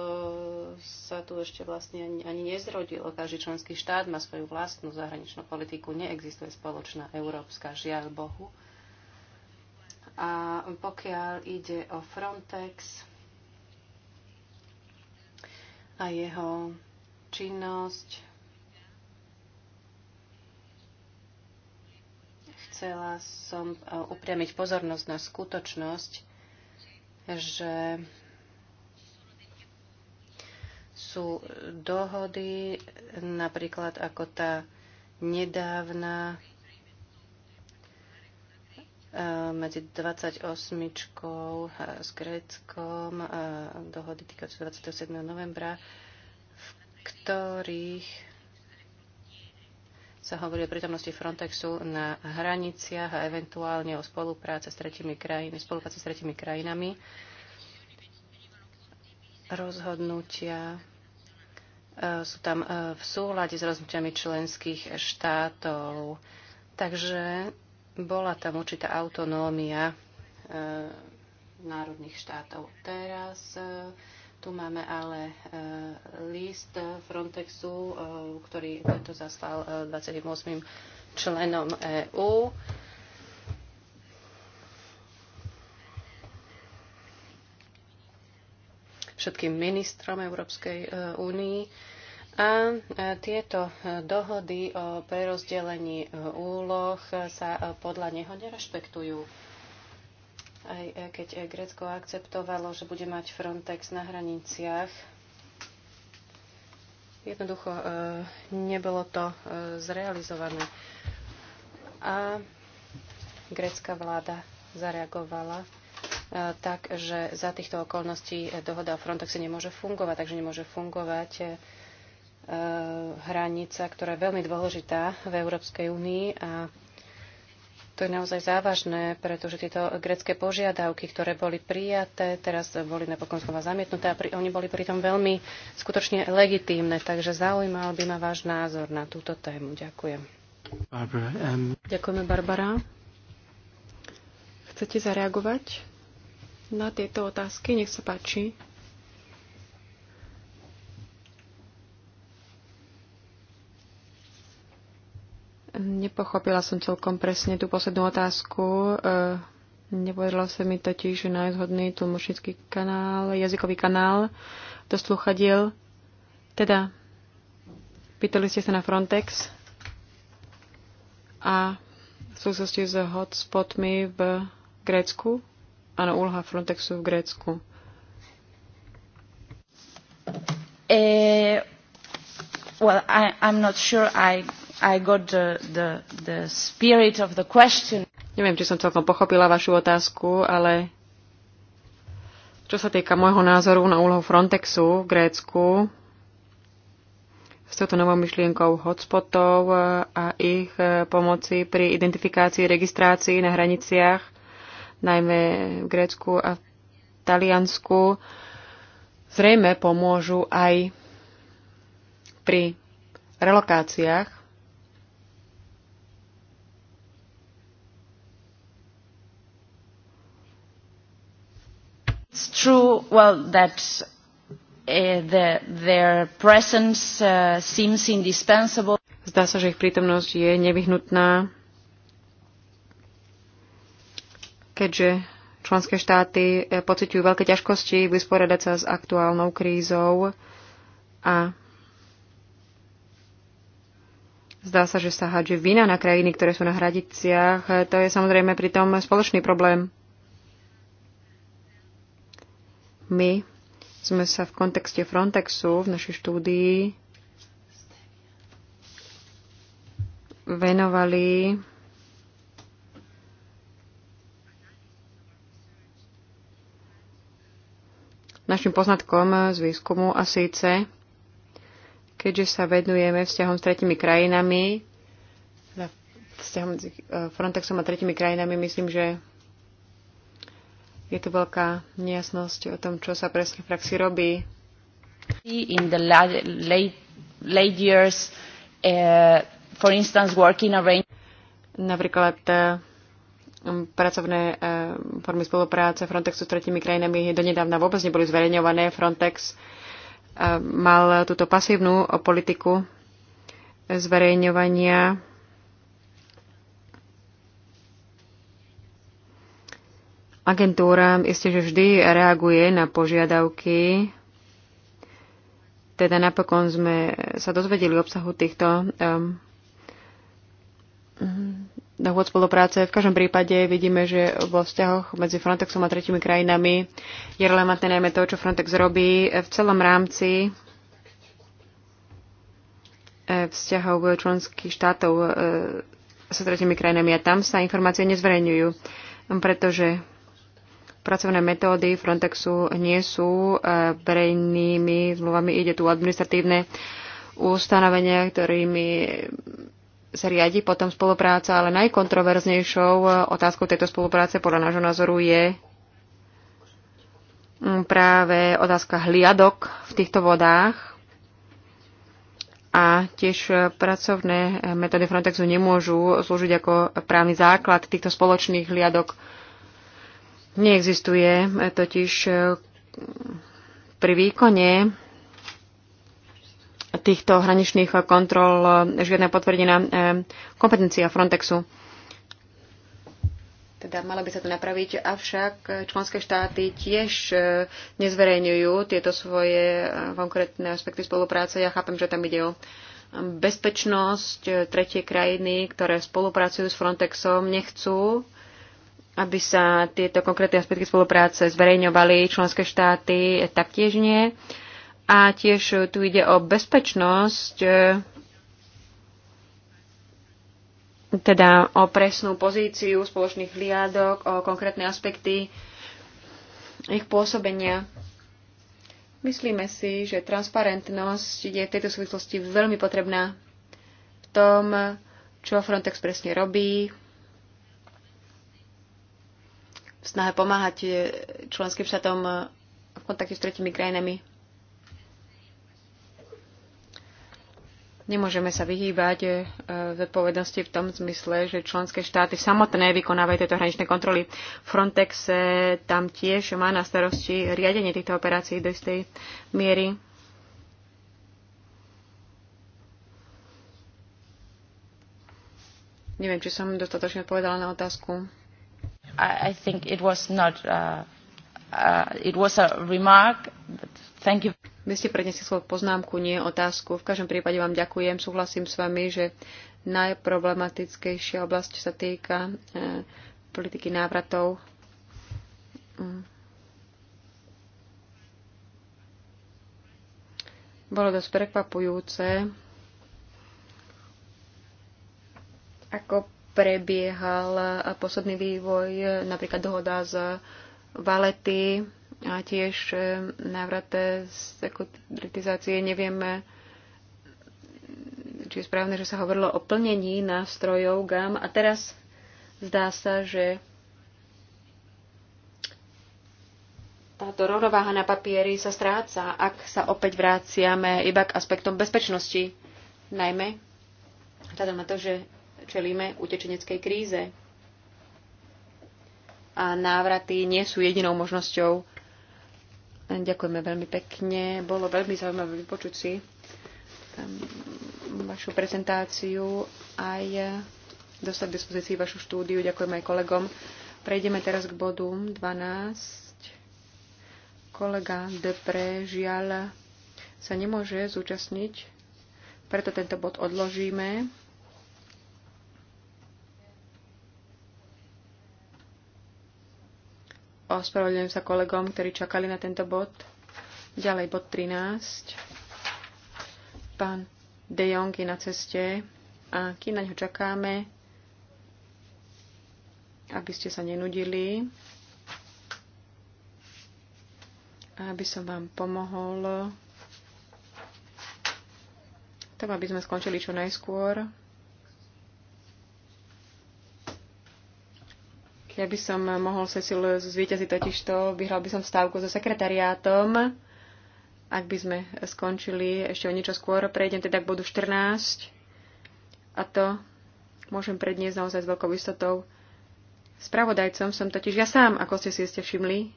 sa tu ešte vlastne ani, ani nezrodilo. Každý členský štát má svoju vlastnú zahraničnú politiku. Neexistuje spoločná európska, žiaľ Bohu. A pokiaľ ide o Frontex, a jeho činnosť. Chcela som e, upriamiť pozornosť na skutočnosť, že sú dohody, napríklad ako tá nedávna Eh, medzi 28. Eh, s Gréckom eh, dohody týkajúce 27. novembra, v ktorých sa hovorí o prítomnosti Frontexu na hraniciach a eventuálne o spolupráce s tretimi krajinami, spolupráce s tretimi krajinami. Rozhodnutia sú tam v súlade s rozhodnutiami členských štátov. Takže bola tam určitá autonómia e, národných štátov. Teraz e, tu máme ale e, list Frontexu, e, ktorý to zaslal e, 28 členom EÚ. všetkým ministrom Európskej e, únii. E, a tieto e, dohody o prerozdelení e, úloh sa e, podľa neho nerešpektujú. Aj keď Grécko akceptovalo, že bude mať Frontex na hraniciach, jednoducho nebolo to zrealizované. A grécka vláda zareagovala tak, že za týchto okolností dohoda o Frontexe nemôže fungovať, takže nemôže fungovať Eh, hranica, ktorá je veľmi dôležitá v Európskej únii a to je naozaj závažné, pretože tieto grecké požiadavky, ktoré boli prijaté, teraz boli napokon slova zamietnuté a pri, oni boli pritom veľmi skutočne legitímne, takže zaujímal by ma váš názor na túto tému. Ďakujem. Barbara, um... Ďakujeme, Barbara. Chcete zareagovať na tieto otázky? Nech sa páči. Nepochopila som celkom presne tú poslednú otázku. E, Nepovedala sa mi totiž, že najzhodný tlmočnícky kanál, jazykový kanál do sluchadiel. Teda, pýtali ste sa na Frontex a v súvislosti s hotspotmi v Grécku. Áno, úloha Frontexu v Grécku. E- well, I, I'm not sure I i got the, the, the spirit of the question. Neviem, či som celkom pochopila vašu otázku, ale čo sa týka môjho názoru na úlohu Frontexu v Grécku, s touto novou myšlienkou hotspotov a ich pomoci pri identifikácii, registrácii na hraniciach, najmä v Grécku a v Taliansku, zrejme pomôžu aj pri relokáciách it's true, well, that uh, the, their presence uh, seems indispensable. Zdá sa, že ich prítomnosť je nevyhnutná, keďže členské štáty eh, pociťujú veľké ťažkosti vysporiadať sa s aktuálnou krízou a zdá sa, že sa hádže vina na krajiny, ktoré sú na hradiciach. To je samozrejme pritom spoločný problém. My sme sa v kontexte Frontexu v našej štúdii venovali našim poznatkom z výskumu a síce, keďže sa venujeme vzťahom s tretimi krajinami, vzťahom s eh, Frontexom a tretimi krajinami, myslím, že je tu veľká nejasnosť o tom, čo sa presne v praxi robí. In the late, late, late years, uh, for instance, working arrange... Napríklad uh, um, pracovné uh, formy spolupráce Frontexu s tretimi krajinami donedávna vôbec neboli zverejňované. Frontex uh, mal túto pasívnu politiku zverejňovania Agentúra isté, že vždy reaguje na požiadavky. Teda napokon sme sa dozvedeli obsahu týchto um, dohôd spolupráce. V každom prípade vidíme, že vo vzťahoch medzi Frontexom a tretimi krajinami je relevantné najmä to, čo Frontex robí v celom rámci e, vzťahov členských štátov e, s tretimi krajinami a tam sa informácie nezverejňujú, pretože pracovné metódy Frontexu nie sú e, verejnými zmluvami. Ide tu administratívne ustanovenia, ktorými sa riadi potom spolupráca, ale najkontroverznejšou e, otázkou tejto spolupráce podľa nášho názoru je mm, práve otázka hliadok v týchto vodách a tiež pracovné metódy Frontexu nemôžu slúžiť ako právny základ týchto spoločných hliadok Neexistuje e, totiž e, pri výkone týchto hraničných kontrol žiadna e, potvrdená kompetencia Frontexu. Teda mala by sa to napraviť, avšak členské štáty tiež nezverejňujú tieto svoje konkrétne aspekty spolupráce. Ja chápem, že tam ide o bezpečnosť. Tretie krajiny, ktoré spolupracujú s Frontexom, nechcú aby sa tieto konkrétne aspekty spolupráce zverejňovali členské štáty, taktiež nie. A tiež tu ide o bezpečnosť, e, teda o presnú pozíciu spoločných hliadok, o konkrétne aspekty ich pôsobenia. Myslíme si, že transparentnosť je v tejto súvislosti veľmi potrebná v tom, čo Frontex presne robí, v snahe pomáhať e, členským štátom e, v kontakte s tretimi krajinami. Nemôžeme sa vyhýbať v e, zodpovednosti v tom zmysle, že členské štáty samotné vykonávajú tieto hraničné kontroly. Frontex tam tiež má na starosti riadenie týchto operácií do istej miery. Neviem, či som dostatočne odpovedala na otázku. I, I think it was not, uh, uh, it was a remark, but thank you. Vy ste prednesli svoju poznámku, nie otázku. V každom prípade vám ďakujem, súhlasím s vami, že najproblematickejšia oblasť sa týka uh, politiky návratov. Mm. Bolo dosť prekvapujúce, ako prebiehal posledný vývoj, napríklad dohoda z Valety a tiež e, návrat z e, ekotritizácie. Nevieme, či je správne, že sa hovorilo o plnení nástrojov GAM a teraz zdá sa, že táto rovnováha na papieri sa stráca, ak sa opäť vráciame iba k aspektom bezpečnosti. Najmä vzhľadom na to, že čelíme utečeneckej kríze. A návraty nie sú jedinou možnosťou. Ďakujeme veľmi pekne. Bolo veľmi zaujímavé vypočuť si ehm, vašu prezentáciu aj eh, dostať k dispozícii vašu štúdiu. Ďakujem aj kolegom. Prejdeme teraz k bodu 12. Kolega Depre žiaľ sa nemôže zúčastniť, preto tento bod odložíme. Ospravedlňujem sa kolegom, ktorí čakali na tento bod. Ďalej bod 13. Pán De Jong je na ceste a kým na ňo čakáme, aby ste sa nenudili, aby som vám pomohol, tak aby sme skončili čo najskôr. Ja by som mohol Cecil zvýťaziť totižto, vyhral by som stávku so sekretariátom, ak by sme skončili ešte o niečo skôr. Prejdem teda k bodu 14 a to môžem predniesť naozaj s veľkou istotou. Spravodajcom som totiž ja sám, ako ste si ste všimli.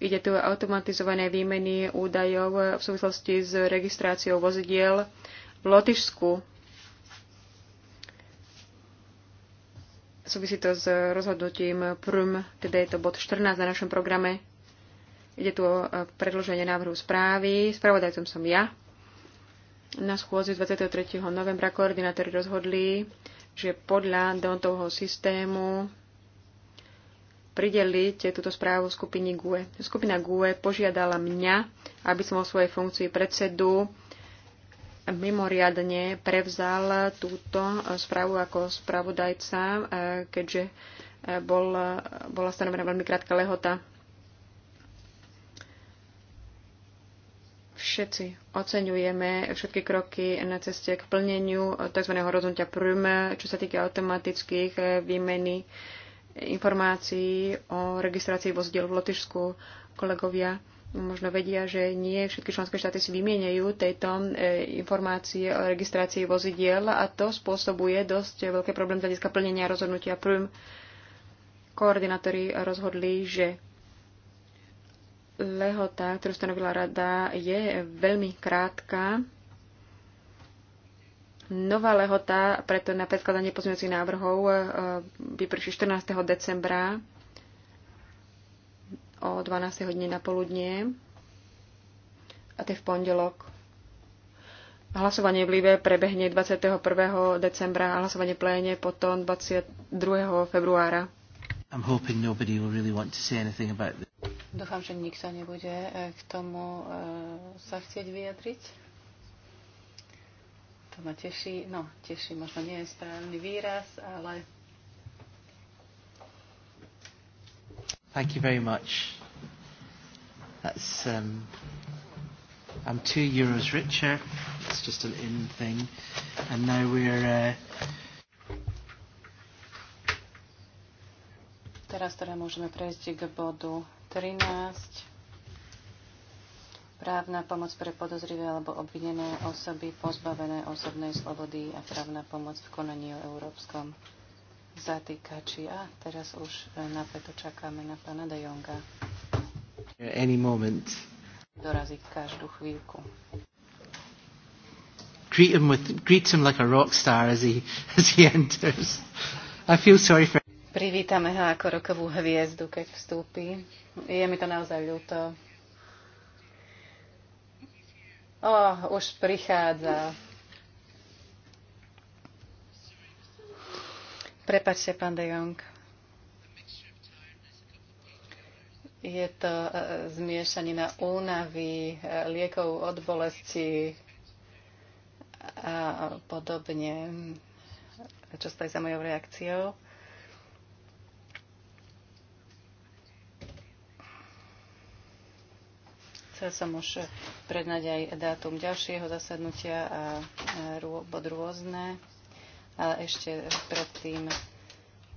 Ide tu o automatizované výmeny údajov v súvislosti s registráciou vozidiel v Lotyšsku. Súvisí to s rozhodnutím PRM, teda je to bod 14 na našom programe. Ide tu o e, predloženie návrhu správy. Spravodajcom som ja. Na schôzi 23. novembra koordinátori rozhodli, že podľa Dontovho systému prideliť túto správu skupine GUE. Skupina GUE požiadala mňa, aby som vo svojej funkcii predsedu mimoriadne prevzal túto správu ako spravodajca, e, keďže e, bol, bola stanovená veľmi krátka lehota. Všetci oceňujeme všetky kroky na ceste k plneniu tzv. rozhodnutia prúm, čo sa týka automatických e, výmeny informácií o registrácii vozidel v Lotyšsku. Kolegovia, možno vedia, že nie všetky členské štáty si vymieňajú tejto e, informácie o registrácii vozidiel a to spôsobuje dosť veľké problém z hľadiska plnenia rozhodnutia. Prvým koordinátori rozhodli, že lehota, ktorú stanovila rada, je veľmi krátka. Nová lehota preto na predkladanie pozmeňujúcich návrhov vyprší e, 14. decembra o 12. hodine na poludnie a to je v pondelok. Hlasovanie v Líbe prebehne 21. decembra a hlasovanie pléne potom 22. februára. I'm hoping nobody will really want to say anything about this. Dúfam, že nikto nebude eh, k tomu eh, sa chcieť vyjadriť. To ma teší. No, teší možno nie je správny výraz, ale Thank you very much. That's, um, I'm two euros richer. It's just an in thing. And now we're... Uh... Teraz teda môžeme prejsť k bodu 13 právna pomoc pre podozrivé alebo obvinené osoby, pozbavené osobnej slobody a právna pomoc v konaní o európskom zatýkači. A teraz už napäto čakáme na pána De Jonga. Any moment. Dorazí každú chvíľku. Greet him with, greet him like a rock star as he, as he enters. I feel sorry for Privítame ho ako rokovú hviezdu, keď vstúpi. Je mi to naozaj ľúto. Oh, už prichádza. Prepačte, pán De Jong. Je to e, e, zmiešanina únavy, e, liekov od bolesti a podobne, čo stojí za mojou reakciou. Chcel som už prednať aj dátum ďalšieho zasadnutia a bod rôzne a ešte predtým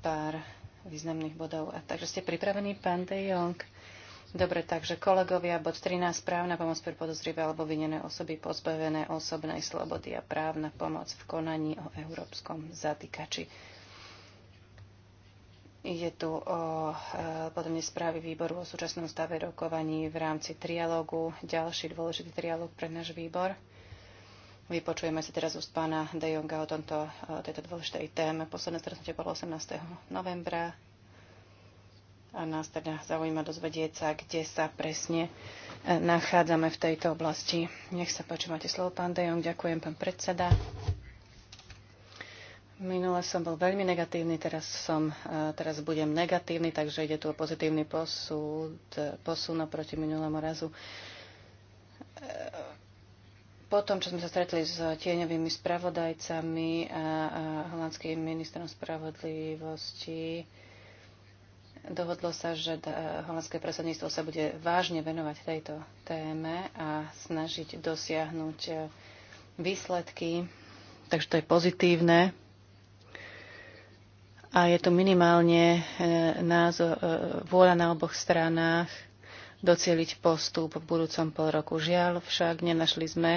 pár významných bodov. A takže ste pripravení, pán De Jong? Dobre, takže kolegovia, bod 13, právna pomoc pre podozrivé alebo vinené osoby pozbavené osobnej slobody a právna pomoc v konaní o európskom zatýkači. Ide tu o e, podobne správy výboru o súčasnom stave rokovaní v rámci trialógu. Ďalší dôležitý trialóg pre náš výbor. Vypočujeme si teraz úst pána De Jonga o tomto, o tejto dôležitej téme. Posledné stretnutie bolo 18. novembra a nás teda zaujíma dozvedieť sa, kde sa presne e, nachádzame v tejto oblasti. Nech sa páči, máte slovo, pán De Jong. Ďakujem, pán predseda. Minule som bol veľmi negatívny, teraz, som, e, teraz budem negatívny, takže ide tu o pozitívny posúd, e, posun oproti minulému razu potom, čo sme sa stretli s tieňovými spravodajcami a, holandským ministrom spravodlivosti, dohodlo sa, že holandské predsedníctvo sa bude vážne venovať tejto téme a snažiť dosiahnuť e, výsledky. Takže to je pozitívne. A je to minimálne e, názor, e, vôľa na oboch stranách docieliť postup v budúcom pol roku. Žiaľ však nenašli sme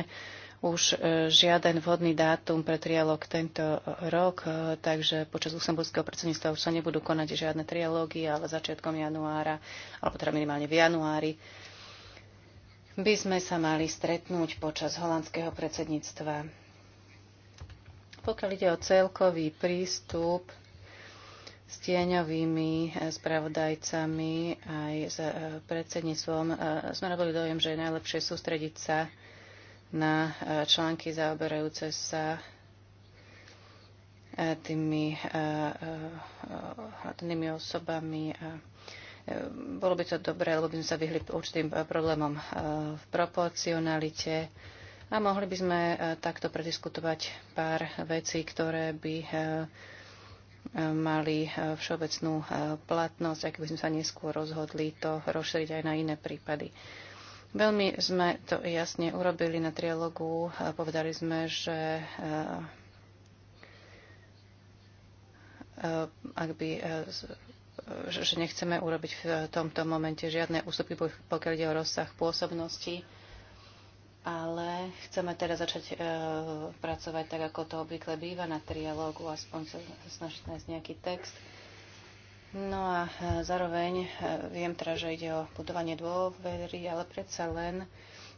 už e, žiaden vhodný dátum pre trialog tento rok, e, takže počas luxemburského predsedníctva už sa nebudú konať žiadne trialógy, ale začiatkom januára, alebo teda minimálne v januári, by sme sa mali stretnúť počas holandského predsedníctva. Pokiaľ ide o celkový prístup s tieňovými e, spravodajcami aj s e, predsedníctvom e, sme robili dojem, že je najlepšie sústrediť sa na články zaoberajúce sa tými hľadnými osobami. Bolo by to dobré, lebo by sme sa vyhli určitým problémom v proporcionalite a mohli by sme takto prediskutovať pár vecí, ktoré by mali e, všeobecnú e, platnosť, ak by sme sa neskôr rozhodli to rozšíriť aj na iné prípady. Veľmi sme to jasne urobili na trialogu. Povedali sme, že e, ak by že nechceme urobiť v tomto momente žiadne ústupy, pokiaľ ide o rozsah pôsobnosti ale chceme teda začať e, pracovať tak, ako to obvykle býva na trialógu, aspoň sa snažiť nájsť nejaký text. No a e, zároveň e, viem teda, že ide o budovanie dôvery, ale predsa len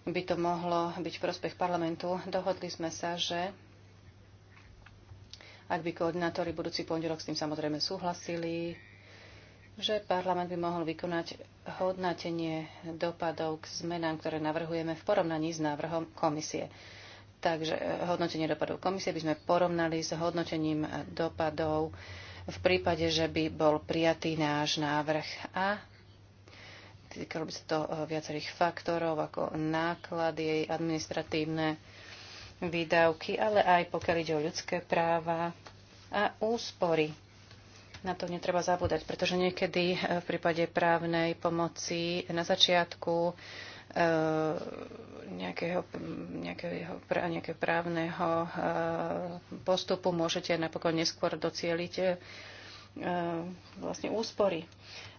by to mohlo byť v prospech parlamentu. Dohodli sme sa, že ak by koordinátori budúci pondelok s tým samozrejme súhlasili, že parlament by mohol vykonať hodnotenie dopadov k zmenám, ktoré navrhujeme v porovnaní s návrhom komisie. Takže e, hodnotenie dopadov komisie by sme porovnali s hodnotením dopadov v prípade, že by bol prijatý náš návrh a týkalo by sa to e, viacerých faktorov ako náklady, administratívne výdavky, ale aj pokiaľ ide o ľudské práva a úspory na to netreba zabúdať, pretože niekedy e, v prípade právnej pomoci na začiatku e, nejakého, nejakého, nejakého právneho e, postupu môžete napokon neskôr docieliť vlastne úspory.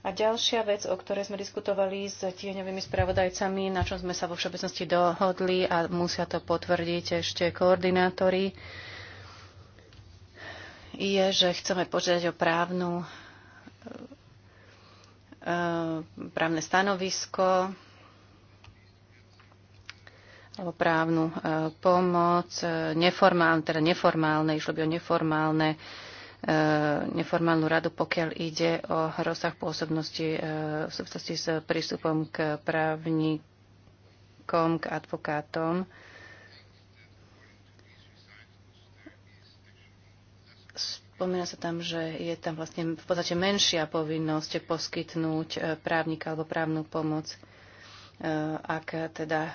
A ďalšia vec, o ktorej sme diskutovali s tieňovými spravodajcami, na čom sme sa vo všeobecnosti dohodli a musia to potvrdiť ešte koordinátori, je, že chceme požiadať o právnu, eh, právne stanovisko alebo právnu eh, pomoc, eh, neformálne, teda neformálne, išlo by o neformálne, neformálnu radu, pokiaľ ide o rozsah pôsobnosti v súvislosti s prístupom k právnikom, k advokátom. Spomína sa tam, že je tam vlastne v podstate menšia povinnosť poskytnúť e, právnika alebo právnu pomoc e, ak teda e,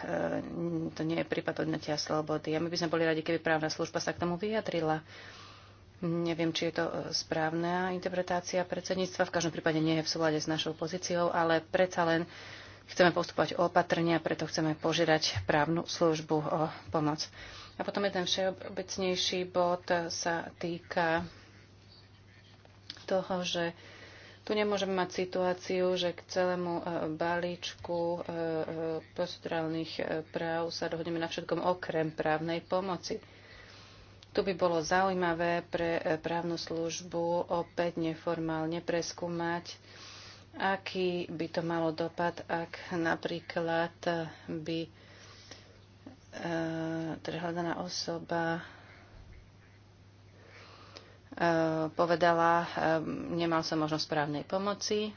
to nie je prípad odnatia slobody. A my by sme boli radi, keby právna služba sa k tomu vyjadrila. Neviem, či je to správna interpretácia predsedníctva. V každom prípade nie je v súlade s našou pozíciou, ale predsa len chceme postupovať opatrne a preto chceme požiadať právnu službu o pomoc. A potom je ten všeobecnejší bod sa týka toho, že tu nemôžeme mať situáciu, že k celému e, balíčku e, e, procedurálnych práv sa dohodneme na všetkom okrem právnej pomoci. Tu by bolo zaujímavé pre právnu službu opäť neformálne preskúmať, aký by to malo dopad, ak napríklad by teda hľadaná osoba Eh, povedala, eh, nemal som možnosť správnej pomoci.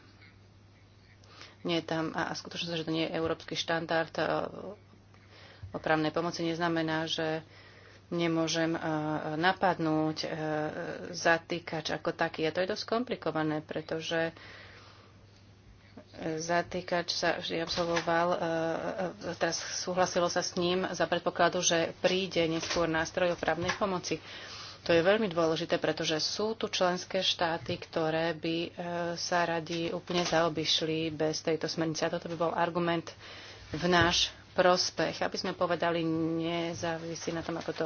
Nie je tam, a skutočnosť, že to nie je európsky štandard eh, o právnej pomoci, neznamená, že nemôžem napadnúť zatýkač ako taký. A to je dosť komplikované, pretože zatýkač sa vždy absolvoval, teraz súhlasilo sa s ním za predpokladu, že príde neskôr nástroj o právnej pomoci. To je veľmi dôležité, pretože sú tu členské štáty, ktoré by e, sa radi úplne zaobišli bez tejto smernice. A toto by bol argument v náš prospech, aby sme povedali, nezávisí na tom, ako to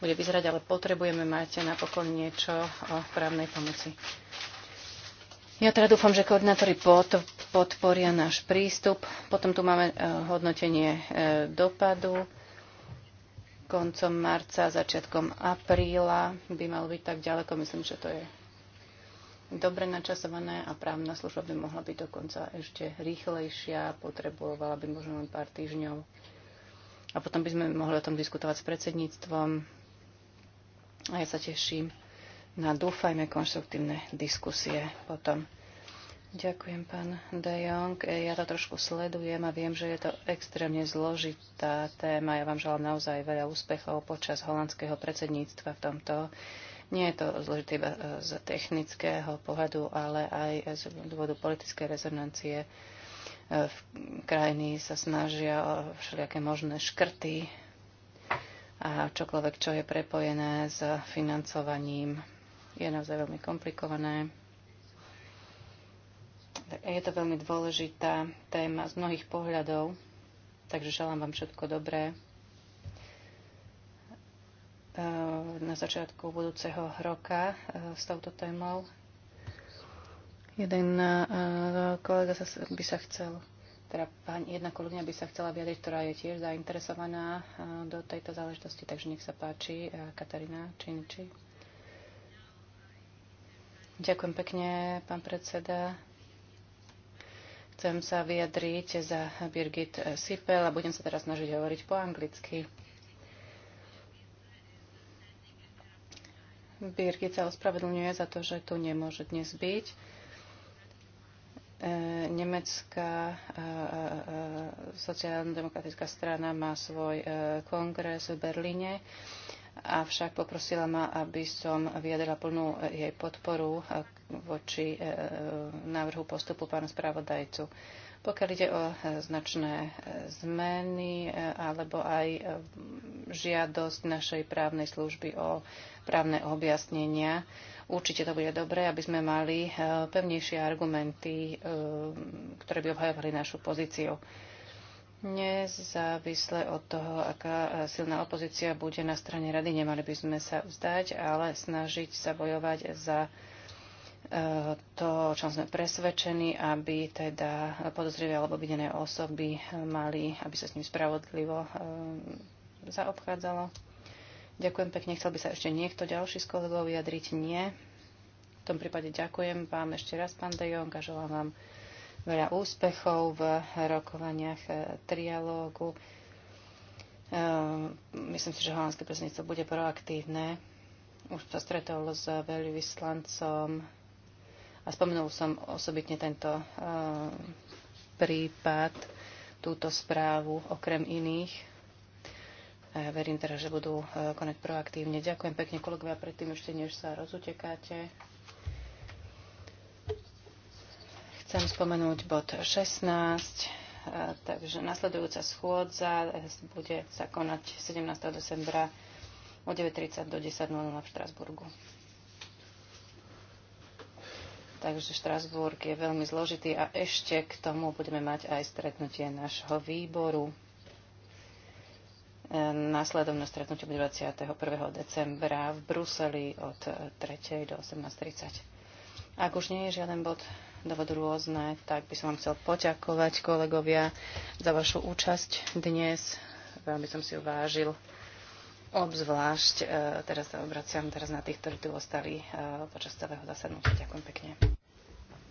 bude vyzerať, ale potrebujeme mať napokon niečo o právnej pomoci. Ja teda dúfam, že koordinátori podporia náš prístup. Potom tu máme e, hodnotenie e, dopadu koncom marca, začiatkom apríla by mal byť tak ďaleko. Myslím, že to je dobre načasované a právna služba by mohla byť dokonca ešte rýchlejšia, potrebovala by možno len pár týždňov. A potom by sme mohli o tom diskutovať s predsedníctvom. A ja sa teším na dúfajme konštruktívne diskusie potom. Ďakujem, pán De Jong. E, ja to trošku sledujem a viem, že je to extrémne zložitá téma. Ja vám želám naozaj veľa úspechov počas holandského predsedníctva v tomto. Nie je to zložité iba e, z technického pohľadu, ale aj z dôvodu politickej rezonancie. E, v krajiny sa snažia o všelijaké možné škrty a čokoľvek, čo je prepojené s financovaním, je naozaj veľmi komplikované je to veľmi dôležitá téma z mnohých pohľadov, takže želám vám všetko dobré. E, na začiatku budúceho roka e, s touto témou. Jeden e, kolega by sa chcel teda pani, jedna kolegyňa by sa chcela vyjadriť, ktorá je tiež zainteresovaná do tejto záležitosti, takže nech sa páči, Katarína Činiči. Ďakujem pekne, pán predseda. Chcem sa vyjadriť za Birgit Sipel a budem sa teraz snažiť hovoriť po anglicky. Birgit sa ospravedlňuje za to, že tu nemôže dnes byť. E, Nemecká e, e, sociálno-demokratická strana má svoj kongres v Berlíne avšak poprosila ma, aby som vyjadrila plnú e, jej podporu e, voči e, návrhu postupu pána spravodajcu. Pokiaľ ide o značné zmeny alebo aj žiadosť našej právnej služby o právne objasnenia, určite to bude dobré, aby sme mali pevnejšie argumenty, ktoré by obhajovali našu pozíciu. Nezávisle od toho, aká e, silná opozícia bude na strane rady, nemali by sme sa vzdať, ale snažiť sa bojovať za e, to, o čom sme presvedčení, aby teda podozrivé alebo videné osoby mali, aby sa s ním spravodlivo e, zaobchádzalo. Ďakujem pekne. Chcel by sa ešte niekto ďalší z kolegov vyjadriť? Nie. V tom prípade ďakujem vám ešte raz, pán De želám vám veľa úspechov v rokovaniach e, trialógu. E, myslím si, že holandské predsedníctvo bude proaktívne. Už sa stretol s veľvyslancom a spomenul som osobitne tento e, prípad, túto správu, okrem iných. A ja verím teraz, že budú konať proaktívne. Ďakujem pekne kolegovia predtým, ešte než sa rozutekáte. Chcem spomenúť bod 16, e, takže nasledujúca schôdza e, bude sa konať 17. decembra od 9.30 do 10.00 v Štrasburgu. Takže Štrasburg je veľmi zložitý a ešte k tomu budeme mať aj stretnutie nášho výboru. E, následovné stretnutie bude 21. decembra v Bruseli od 3. do 18.30. Ak už nie je žiaden bod dôvod rôzne, tak by som vám chcel poďakovať kolegovia za vašu účasť dnes. Veľmi som si uvážil Obzvlášť, e, teraz sa obraciam teraz na tých, ktorí tu ostali e, počas celého zasadnutia. Ďakujem pekne.